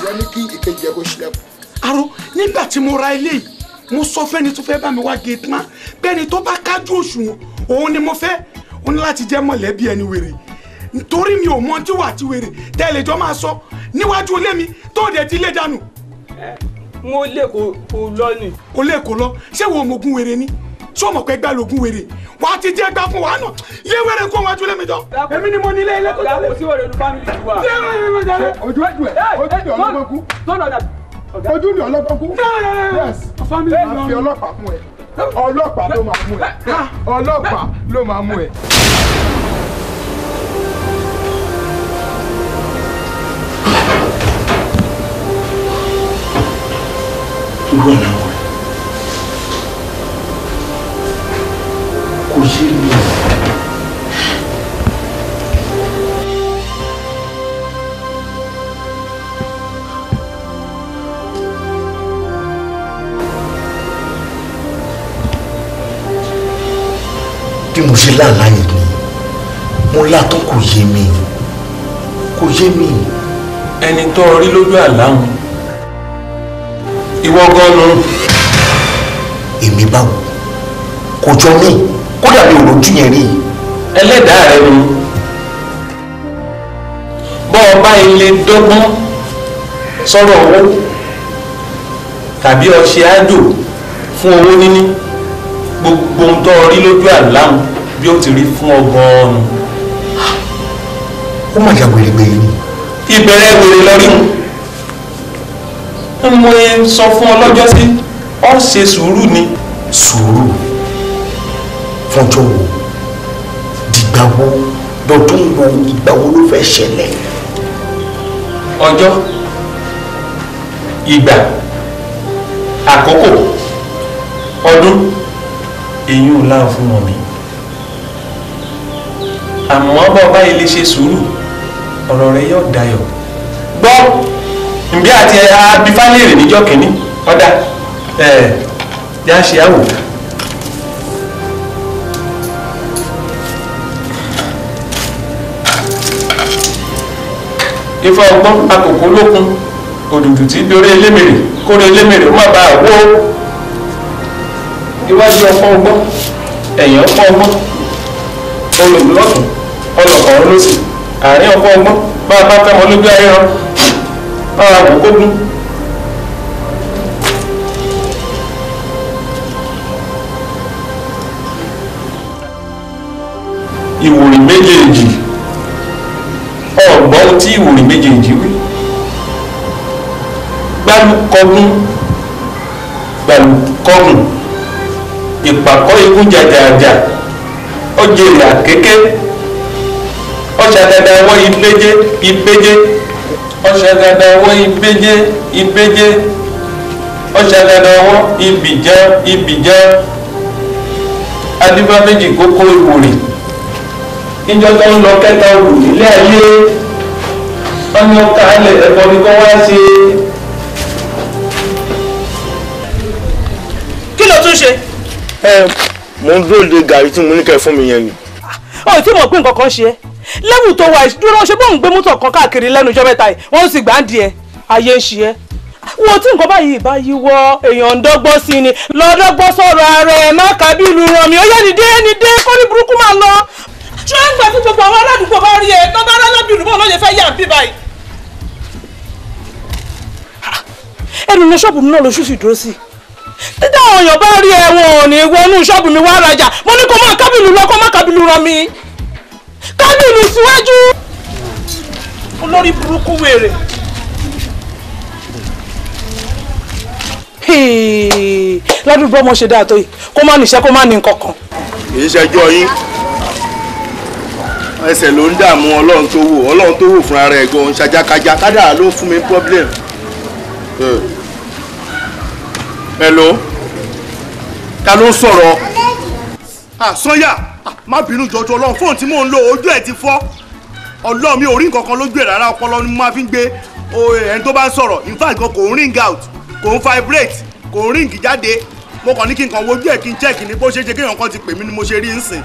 ìyá kí ìkejì ẹ kó ṣílẹ̀kùn. àrò nígbà tí mo ra ilé yìí mo sọ fẹ́ni tó fẹ́ bá mi wá gé tán bẹ́ni tó bá kájú òṣùwọ̀n òun ni mo fẹ́ ó ní láti jẹ́ mọ̀lẹ́bí ẹni wèrè nítorí mi ò mọ tí wà á ti wèrè tẹ́lẹ̀ jọ máa sọ níwájú ilé mi tó dẹ̀ ti lé dànù. mo lè kó o lọ ni. o lè kó lọ ṣé wo ọmọogun wèrè ni ṣé o mọ̀ pé gbà lóògùn wèrè wà á ti jẹ́ gbà fún wa á nà yé wèrè kó wájú ilé mi jọ. èmi ni mo ní ilé ilé tó jáde. kò sí wèrè nu fámìlì tiwa. ojú ẹ jù ẹ ojú ẹ ọlọ́gbọ́n kú ojú ẹ ọlọ́gbọ́n kú. fámìlì náà fi ọlọ́pàá fún ẹ ọlọ́pàá ló máa mú ẹ ọlọ́pàá ló máa mú ẹ. irú ọ̀nà wọn kò ṣe é bí mo ṣe lálàá yẹn ni mo látọ́ kò yé mi kò yé mi. ẹni tó rí lójú àláhùn ìwọ gan-an nù. èmi báwo kò jọ mí kódà mi ò yẹn rí. ẹlẹ́dàá rẹ nu bọ́ ọ ilé dọ́gbọ́n sọ̀rọ̀ owó tàbí ọṣẹ àjò fún owó níní gbogbo ohun tó rí lójú àláhùn bí ó ti rí fún ọgbọ́n ó mà ya wèrè gbèrè ni. ìbẹ̀rẹ̀ wèrè lọ́rí mu mo sọ fún ọ lọ́jọ́ sí ọ ṣe sùúrù ni. sùúrù fọjọ́ wo dìgbà wo dọ̀tún wo ìgbà wo ló fẹ́ ṣẹlẹ̀. ọjọ́ ìgbà àkókò ọdún èyí ò láà fún mọ̀ mi àmọ́ bàbá yìí lè ṣe sùúrù ọ̀rọ̀ rẹ yóò dayọ̀ gbọ́ nbí àti abifálẹ̀ rè níjọ́ kìíní ọ̀dà ẹ̀ yá ṣe àwò. ifá ọgbọ́n akòkò olókun òdùdù tí dorí elémèrè kórè elémèrè ó má bàa wó iwájú ọpọ ọgbọ́n ẹ̀yìn ọpọ ọgbọ́n olùgbòlọ́tún ọlọ́kọ̀ ọ̀run lọ́sì àárín ọpọ ọgbọ́n bá a bá fẹ́ mọ lójú ayé rán bá a wò kó gún. ìwòrì méjèèjì ọgbọ́n tí ìwòrì méjèèjì wí gbálùkọ́gún gbálùkọ́gún ìpàkọ́ ikú jàjàjà ọjèrè àkéké ọ̀ṣàdàdà ẹwọ́ ìbéjé ìbéjé ọ̀ṣàdàdà ẹwọ́ ìbéjé ìbéjé ọ̀ṣàdàdà ẹwọ́ ìbìjẹ́ ìbìjẹ́ adífá méjì kókó ìwòrì níjọ́ tó ń lọ kẹta olù nílé ayé wọn ni ọkà alẹ̀ ẹ̀kọ́ ni kò wá ṣe ẹ mò ń dúró de gàrí tí mo ní kẹ́ fún mi yẹn ni. ọ tí mo pín nǹkan kan ṣe é lẹ́wù tó wà dúró ṣe bóun gbé mọ́tò kan káàkiri lẹ́nu ìjọba ẹ̀ta yìí wọ́n sì gbà ń di ẹ ayé ń ṣe é ah, wo tí nǹkan báyìí bá yí wọ èèyàn ń dọ́gbọ́n sí ni lọ́dọ́gbọ́n sọ̀rọ̀ ara ẹ̀ má kábí ìlú ràn mí ó yẹ ni dé ni dé kó ní burúkú máa lọ. ṣé ń gbà tí gbogbo àwọn aládùúgbò bá rí ẹ lọ́ba aládùúgbò bọ́ọ̀ ẹnu ní ṣọ́ọ̀bù náà lóṣù sì dúró sí i títí àwọn èèyàn bá rí ẹ̀wọ̀n òní wọnú ṣọ́ọ̀bù mi wá rajà mo ní kó má kábìlì lọ kó má kábìlì ràn mí kábìlì síwájú. olórí burúkú wèrè. ládùúgbò ọmọ ṣe dáa yìí kó má níṣẹ́ kó má ní nǹkan kan. kì í ṣẹjọ́ yín ẹsẹ̀ ló ń dààmú ọlọ́run tó wò ọlọ́run tó wò fúnra rẹ̀ gan-an ṣajákajá kádà ló fún mi problem hello ta ló sọ̀rọ̀ ah sọ́yà ah, má bínú jọjọ ọlọ́run fóònù tí mò ń lo ojú ẹ̀ ti fọ́ ọlọ́run mi ò rí nǹkan kan lójú ẹ̀ rárá ọpọlọ ni mo fi ń gbé ẹni tó bá ń sọ̀rọ̀ in fact gan kò ń ring out kò ń vibrate kò ń ring jáde mo kàn ní kí n kàn wojú ẹ̀ kí n check ní bó ṣe ṣe kéèyàn kan ti pè mí ni mo ṣe rí nsìn.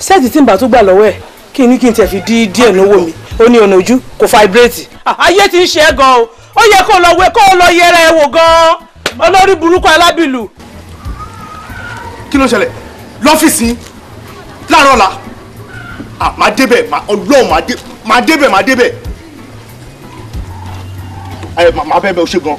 sẹ́ẹ̀tì ah, tí ń bá tún gbà lọ́wọ́ ẹ̀ kí ni kí n tẹ̀ fi dí díẹ̀ lọ́wọ́ mi ó ní ọ̀nà ojú kò vibrate. Ah, ayé ti ń ṣe é gan o ó yẹ kó lọ wẹ kó lọ yẹra ẹ wò gan-an olórí burúkú alábìlú. kí ló ṣẹlẹ̀ lọ́fíìsì láàárọ̀ la màá débẹ̀ ọlọ́run màá débẹ̀ màá débẹ̀ ẹ màá bẹ́ẹ̀ bẹ́ẹ̀ o ṣe gan.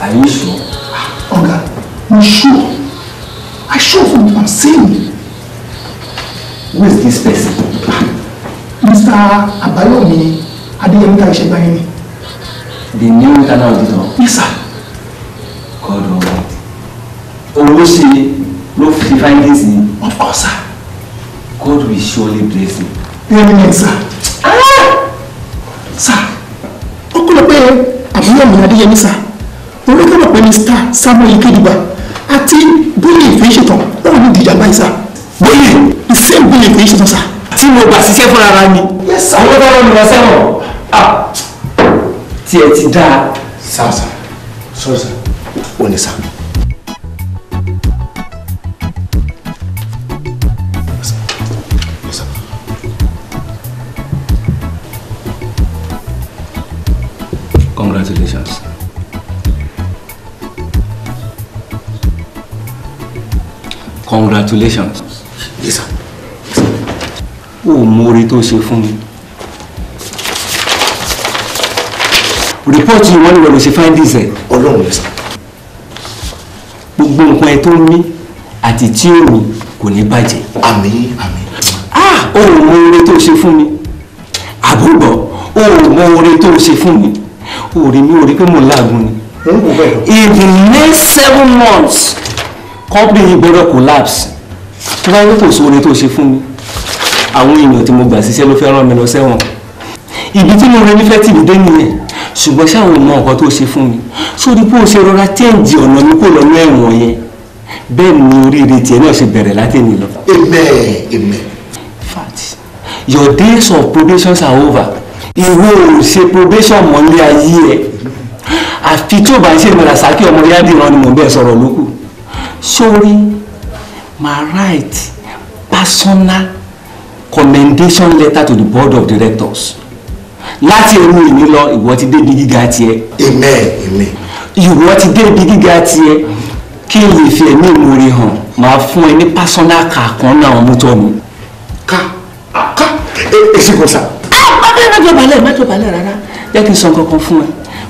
ìwé ni mo ọ̀gá mo sure, I sure from what I'm saying. Who is this person? Mr. Abayomi Adeyemi Taishebayemi. The new internal auditor? Yes, sir. God almighty. Olóṣè ló fi findings ni. Of course, sir. God will surely bless him. Amen, sir. Ah! Sir, ó kúlọ̀ pé Abayomi Adeyemi, sir orí tó mọ̀ pé mr samuel ikediba àti bóyá ìfẹ́ ṣetán wọn ò ní ìdíjà báyìí sá bóyá the same bóyá ìfẹ́ ṣetán sá. tí mo gbà ṣiṣẹ́ fúnra ra mi. àwọn tó lọ lọ sẹ́wọ̀n ah, tiẹ̀ ti dáa. sá sá sọ́ọ́ sá ò congratulations. yes sir. o mórè tó ṣe fún mi. rìpọ́ọ̀tì wọn ni wọn lè ṣe findings ẹ. ọlọ́run yes sir. gbogbo nǹkan ẹ tó ní àti tí ò ní kò ní bàjẹ́. àmín ah oh mórè tó ṣe fún mi. àbúrò Oh, mórè tó ṣe fún mi. orí mi ò rí pé mo láàgùn ni in the next seven months company yìí gbọ́dọ̀ collapse tó bá yẹ kò sóore tó ṣe fún mi àwọn èèyàn tí mo gbà síṣẹ́ ló fẹ́ rán mi lọ sẹ́wọ̀n ibi tí mo rẹ nífẹ̀ẹ́ tì mí dé nìyẹn ṣùgbọ́n ṣáà ò mọ tó ṣe fún mi sórí bó o ṣe rọra tẹ́ǹdì ọ̀nà mi kò lọ ní ẹ̀wọ̀n yẹn bẹ́ẹ̀ ni oríire tiẹ̀ náà ṣe bẹ̀rẹ̀ látẹ̀ni lọ. amen amen. fact your days of probation are over ìwé ò ṣe probation mọ́lẹ́ ayé ẹ̀ àfi tí ò bá ń ṣe ìmọ̀ràn sákì ọmọ yá dìran ni mò bẹ́ẹ̀ sọ̀rọ̀ lókù sórí My write personal commendation letter to the board of directors láti ẹnu ìní lọ ìwọ ti dé ibi gíga tiẹ̀. amen amen. ìwọ ti dé ibi gíga tiẹ̀ kí n lè fi ẹ̀mí ìmoore hàn máa fún ẹ ní personal car kan náà ọmú tọ́ mi. ká ká èsì e, e kò sá. májò balẹ̀ májò balẹ̀ rárá jẹ́ kí n sọ kankan fún ẹ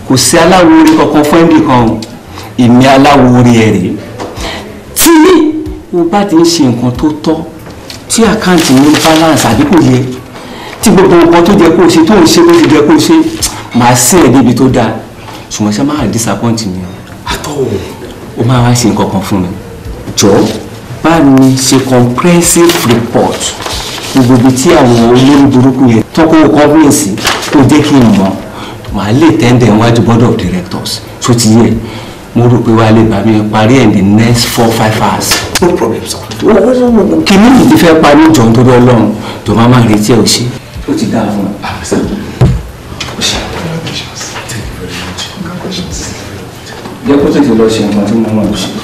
kò sí aláwo orí kankan fún ẹ̀ nìkan o ìmí aláwo orí ẹ̀ rèé o bá ti ń ṣe nǹkan tó tọ́ tí àkáǹtì ní balance àbí kò yẹ tí gbogbo nǹkan tó jẹ kó o ṣe tó ń ṣe bó ti jẹ kó o ṣe màá sìn ẹ́ débi tó dáa ṣùgbọ́n ṣe máa disappoint mi o. àtọ̀ o máa wá ṣe nǹkan kan fún mi jọ bá mi ṣe comprehensive report gbogbo ibi tí àwọn olórí burúkú yẹn tọ́kọ̀ company sí jẹ́ kí n mọ̀ màá lè tẹ́ndẹ̀ wájú board of directors tó ti yẹ mo rò pé wàá lè bá mi parí ẹ̀ the next four five hours. no problem sir. kìnnì yìí fẹ́ parí ìjọ nítorí ọlọ́run tó máa máa retí ẹ̀ ò ṣe. ó ti dáa fún ah, un. jẹ́ kó tètè lọ ṣe nǹkan tí mo máa ń ṣe.